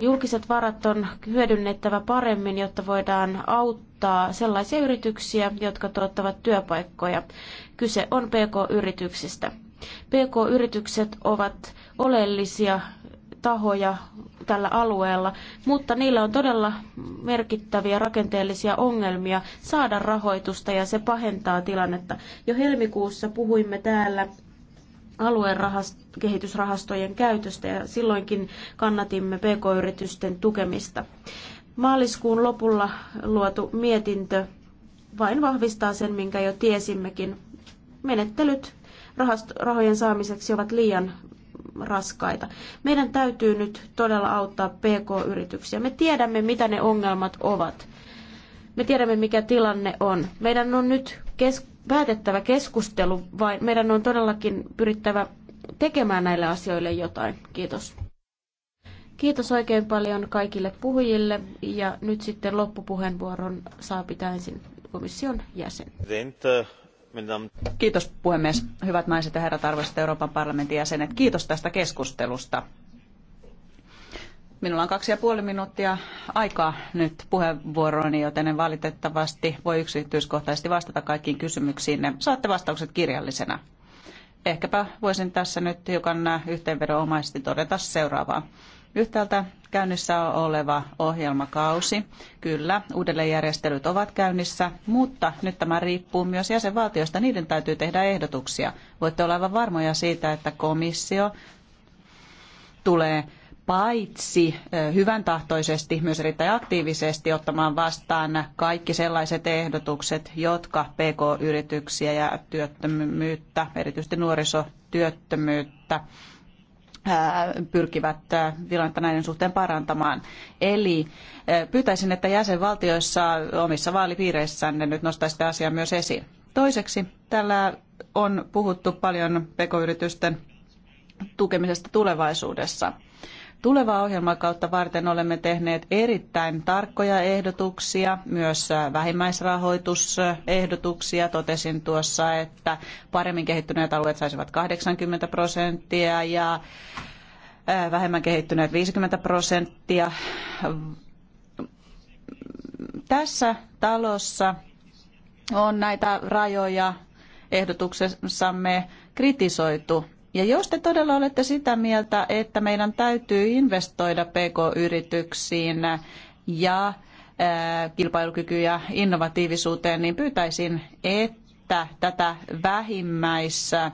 Julkiset varat on hyödynnettävä paremmin, jotta voidaan auttaa sellaisia yrityksiä, jotka tuottavat työpaikkoja. Kyse on PK-yrityksistä. PK-yritykset ovat oleellisia tahoja tällä alueella, mutta niillä on todella merkittäviä rakenteellisia ongelmia saada rahoitusta ja se pahentaa tilannetta. Jo helmikuussa puhuimme täällä alueen kehitysrahastojen käytöstä ja silloinkin kannatimme pk-yritysten tukemista. Maaliskuun lopulla luotu mietintö vain vahvistaa sen, minkä jo tiesimmekin. Menettelyt rahojen saamiseksi ovat liian raskaita. Meidän täytyy nyt todella auttaa PK-yrityksiä. Me tiedämme, mitä ne ongelmat ovat. Me tiedämme, mikä tilanne on. Meidän on nyt kes- päätettävä keskustelu, vai meidän on todellakin pyrittävä tekemään näille asioille jotain. Kiitos. Kiitos oikein paljon kaikille puhujille ja nyt sitten loppupuheenvuoron saa pitää ensin komission jäsen. Kiitos puhemies. Hyvät naiset ja herrat, arvoisat Euroopan parlamentin jäsenet, kiitos tästä keskustelusta. Minulla on kaksi ja puoli minuuttia aikaa nyt puheenvuorooni, joten en valitettavasti voi yksityiskohtaisesti vastata kaikkiin kysymyksiin. Saatte vastaukset kirjallisena. Ehkäpä voisin tässä nyt hiukan yhteenvedonomaisesti todeta seuraavaa. Yhtäältä käynnissä oleva ohjelmakausi. Kyllä, uudelleenjärjestelyt ovat käynnissä, mutta nyt tämä riippuu myös jäsenvaltioista. Niiden täytyy tehdä ehdotuksia. Voitte olla aivan varmoja siitä, että komissio tulee paitsi hyvän tahtoisesti, myös erittäin aktiivisesti ottamaan vastaan kaikki sellaiset ehdotukset, jotka PK-yrityksiä ja työttömyyttä, erityisesti nuorisotyöttömyyttä, Äh, pyrkivät äh, tilannetta näiden suhteen parantamaan. Eli äh, pyytäisin, että jäsenvaltioissa omissa vaalipiireissänne nyt nostaisitte asiaa myös esiin. Toiseksi täällä on puhuttu paljon pk-yritysten tukemisesta tulevaisuudessa tulevaa ohjelmakautta varten olemme tehneet erittäin tarkkoja ehdotuksia, myös vähimmäisrahoitusehdotuksia. Totesin tuossa, että paremmin kehittyneet alueet saisivat 80 prosenttia ja vähemmän kehittyneet 50 prosenttia. Tässä talossa on näitä rajoja ehdotuksessamme kritisoitu ja jos te todella olette sitä mieltä, että meidän täytyy investoida pk-yrityksiin ja kilpailukyky ja innovatiivisuuteen, niin pyytäisin, että tätä vähimmäissä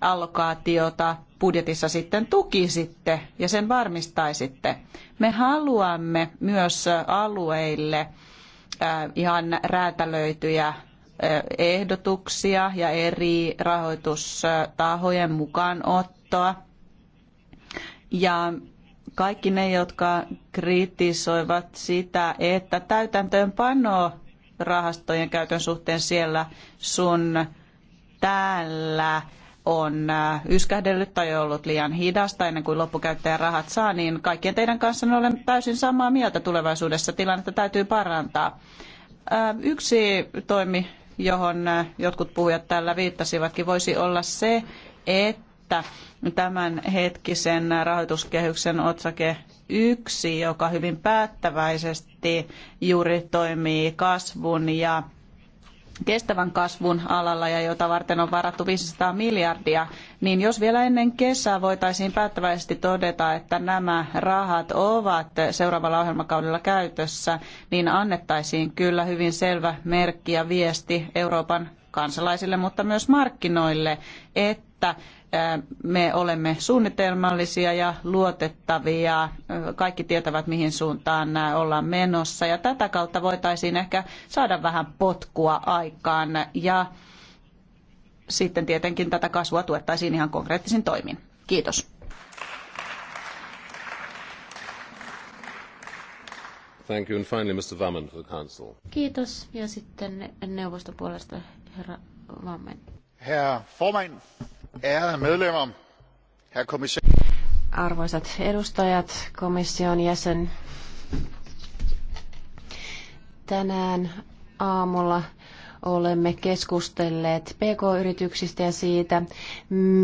allokaatiota budjetissa sitten tukisitte ja sen varmistaisitte. Me haluamme myös alueille ihan räätälöityjä ehdotuksia ja eri rahoitustahojen mukaanottoa. Ja kaikki ne, jotka kritisoivat sitä, että täytäntöönpano rahastojen käytön suhteen siellä sun täällä on yskähdellyt tai ollut liian hidasta ennen kuin loppukäyttäjän rahat saa, niin kaikkien teidän kanssanne olen täysin samaa mieltä tulevaisuudessa. Tilannetta täytyy parantaa. Yksi toimi johon äh, jotkut puhujat täällä viittasivatkin, voisi olla se, että tämän hetkisen rahoituskehyksen otsake yksi, joka hyvin päättäväisesti juuri toimii kasvun ja kestävän kasvun alalla ja jota varten on varattu 500 miljardia, niin jos vielä ennen kesää voitaisiin päättäväisesti todeta, että nämä rahat ovat seuraavalla ohjelmakaudella käytössä, niin annettaisiin kyllä hyvin selvä merkki ja viesti Euroopan kansalaisille, mutta myös markkinoille, että me olemme suunnitelmallisia ja luotettavia. Kaikki tietävät, mihin suuntaan ollaan menossa. Ja tätä kautta voitaisiin ehkä saada vähän potkua aikaan ja sitten tietenkin tätä kasvua tuettaisiin ihan konkreettisin toimin. Kiitos. Thank you. And finally, Mr. Vaman for the Council. Kiitos. Ja sitten neuvoston puolesta herra Vammen. Herr Forman, Arvoisat edustajat, komission jäsen, tänään aamulla olemme keskustelleet PK-yrityksistä ja siitä,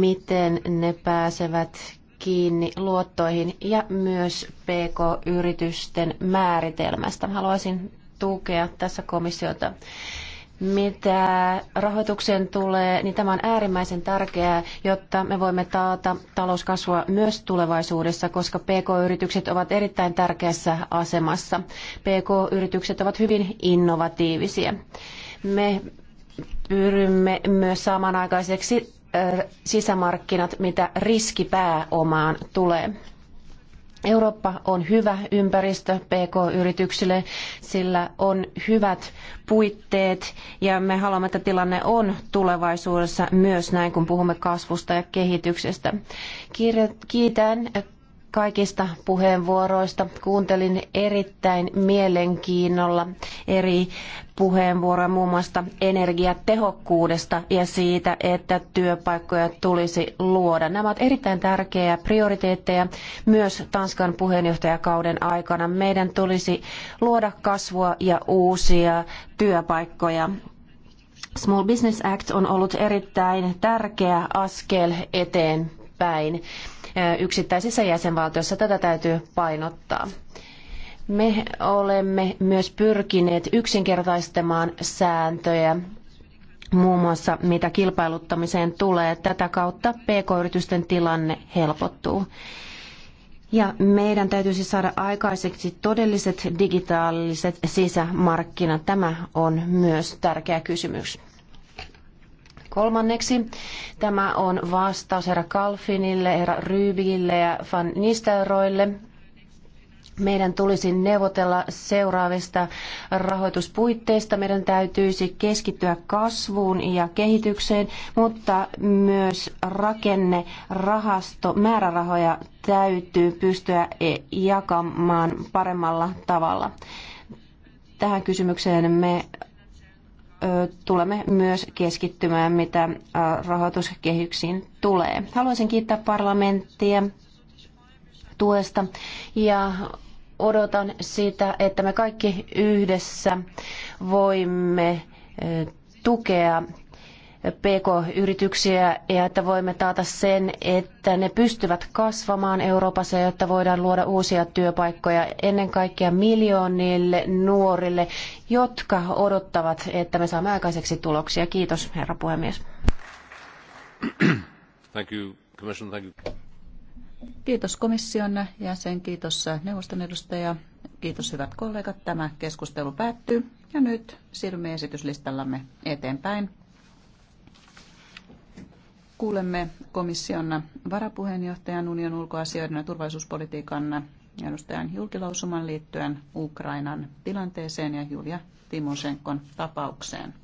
miten ne pääsevät kiinni luottoihin ja myös PK-yritysten määritelmästä. Haluaisin tukea tässä komissiota. Mitä rahoitukseen tulee, niin tämä on äärimmäisen tärkeää, jotta me voimme taata talouskasvua myös tulevaisuudessa, koska PK-yritykset ovat erittäin tärkeässä asemassa. PK-yritykset ovat hyvin innovatiivisia. Me pyrimme myös saamaan sisämarkkinat, mitä riskipääomaan tulee. Eurooppa on hyvä ympäristö PK-yrityksille, sillä on hyvät puitteet ja me haluamme, että tilanne on tulevaisuudessa myös näin, kun puhumme kasvusta ja kehityksestä. Kiitän kaikista puheenvuoroista. Kuuntelin erittäin mielenkiinnolla eri puheenvuoroja muun muassa energiatehokkuudesta ja siitä, että työpaikkoja tulisi luoda. Nämä ovat erittäin tärkeitä prioriteetteja myös Tanskan puheenjohtajakauden aikana. Meidän tulisi luoda kasvua ja uusia työpaikkoja. Small Business Act on ollut erittäin tärkeä askel eteenpäin yksittäisissä jäsenvaltioissa. Tätä täytyy painottaa. Me olemme myös pyrkineet yksinkertaistamaan sääntöjä muun muassa mitä kilpailuttamiseen tulee. Tätä kautta pk-yritysten tilanne helpottuu. Ja meidän täytyisi saada aikaiseksi todelliset digitaaliset sisämarkkinat. Tämä on myös tärkeä kysymys. Kolmanneksi tämä on vastaus herra Kalfinille, herra Rybille ja Van Nistelroille. Meidän tulisi neuvotella seuraavista rahoituspuitteista. Meidän täytyisi keskittyä kasvuun ja kehitykseen, mutta myös rakenne, rahasto, määrärahoja täytyy pystyä e- jakamaan paremmalla tavalla. Tähän kysymykseen me tulemme myös keskittymään, mitä rahoituskehyksiin tulee. Haluaisin kiittää parlamenttia tuesta ja odotan sitä, että me kaikki yhdessä voimme tukea PK-yrityksiä ja että voimme taata sen, että ne pystyvät kasvamaan Euroopassa, jotta voidaan luoda uusia työpaikkoja ennen kaikkea miljoonille nuorille, jotka odottavat, että me saamme aikaiseksi tuloksia. Kiitos, herra puhemies. Thank you, commission, thank you. Kiitos komission jäsen, kiitos neuvoston edustaja, kiitos hyvät kollegat. Tämä keskustelu päättyy ja nyt siirrymme esityslistallamme eteenpäin. Kuulemme komission varapuheenjohtajan union ulkoasioiden ja turvallisuuspolitiikan edustajan julkilausuman liittyen Ukrainan tilanteeseen ja Julia Timosenkon tapaukseen.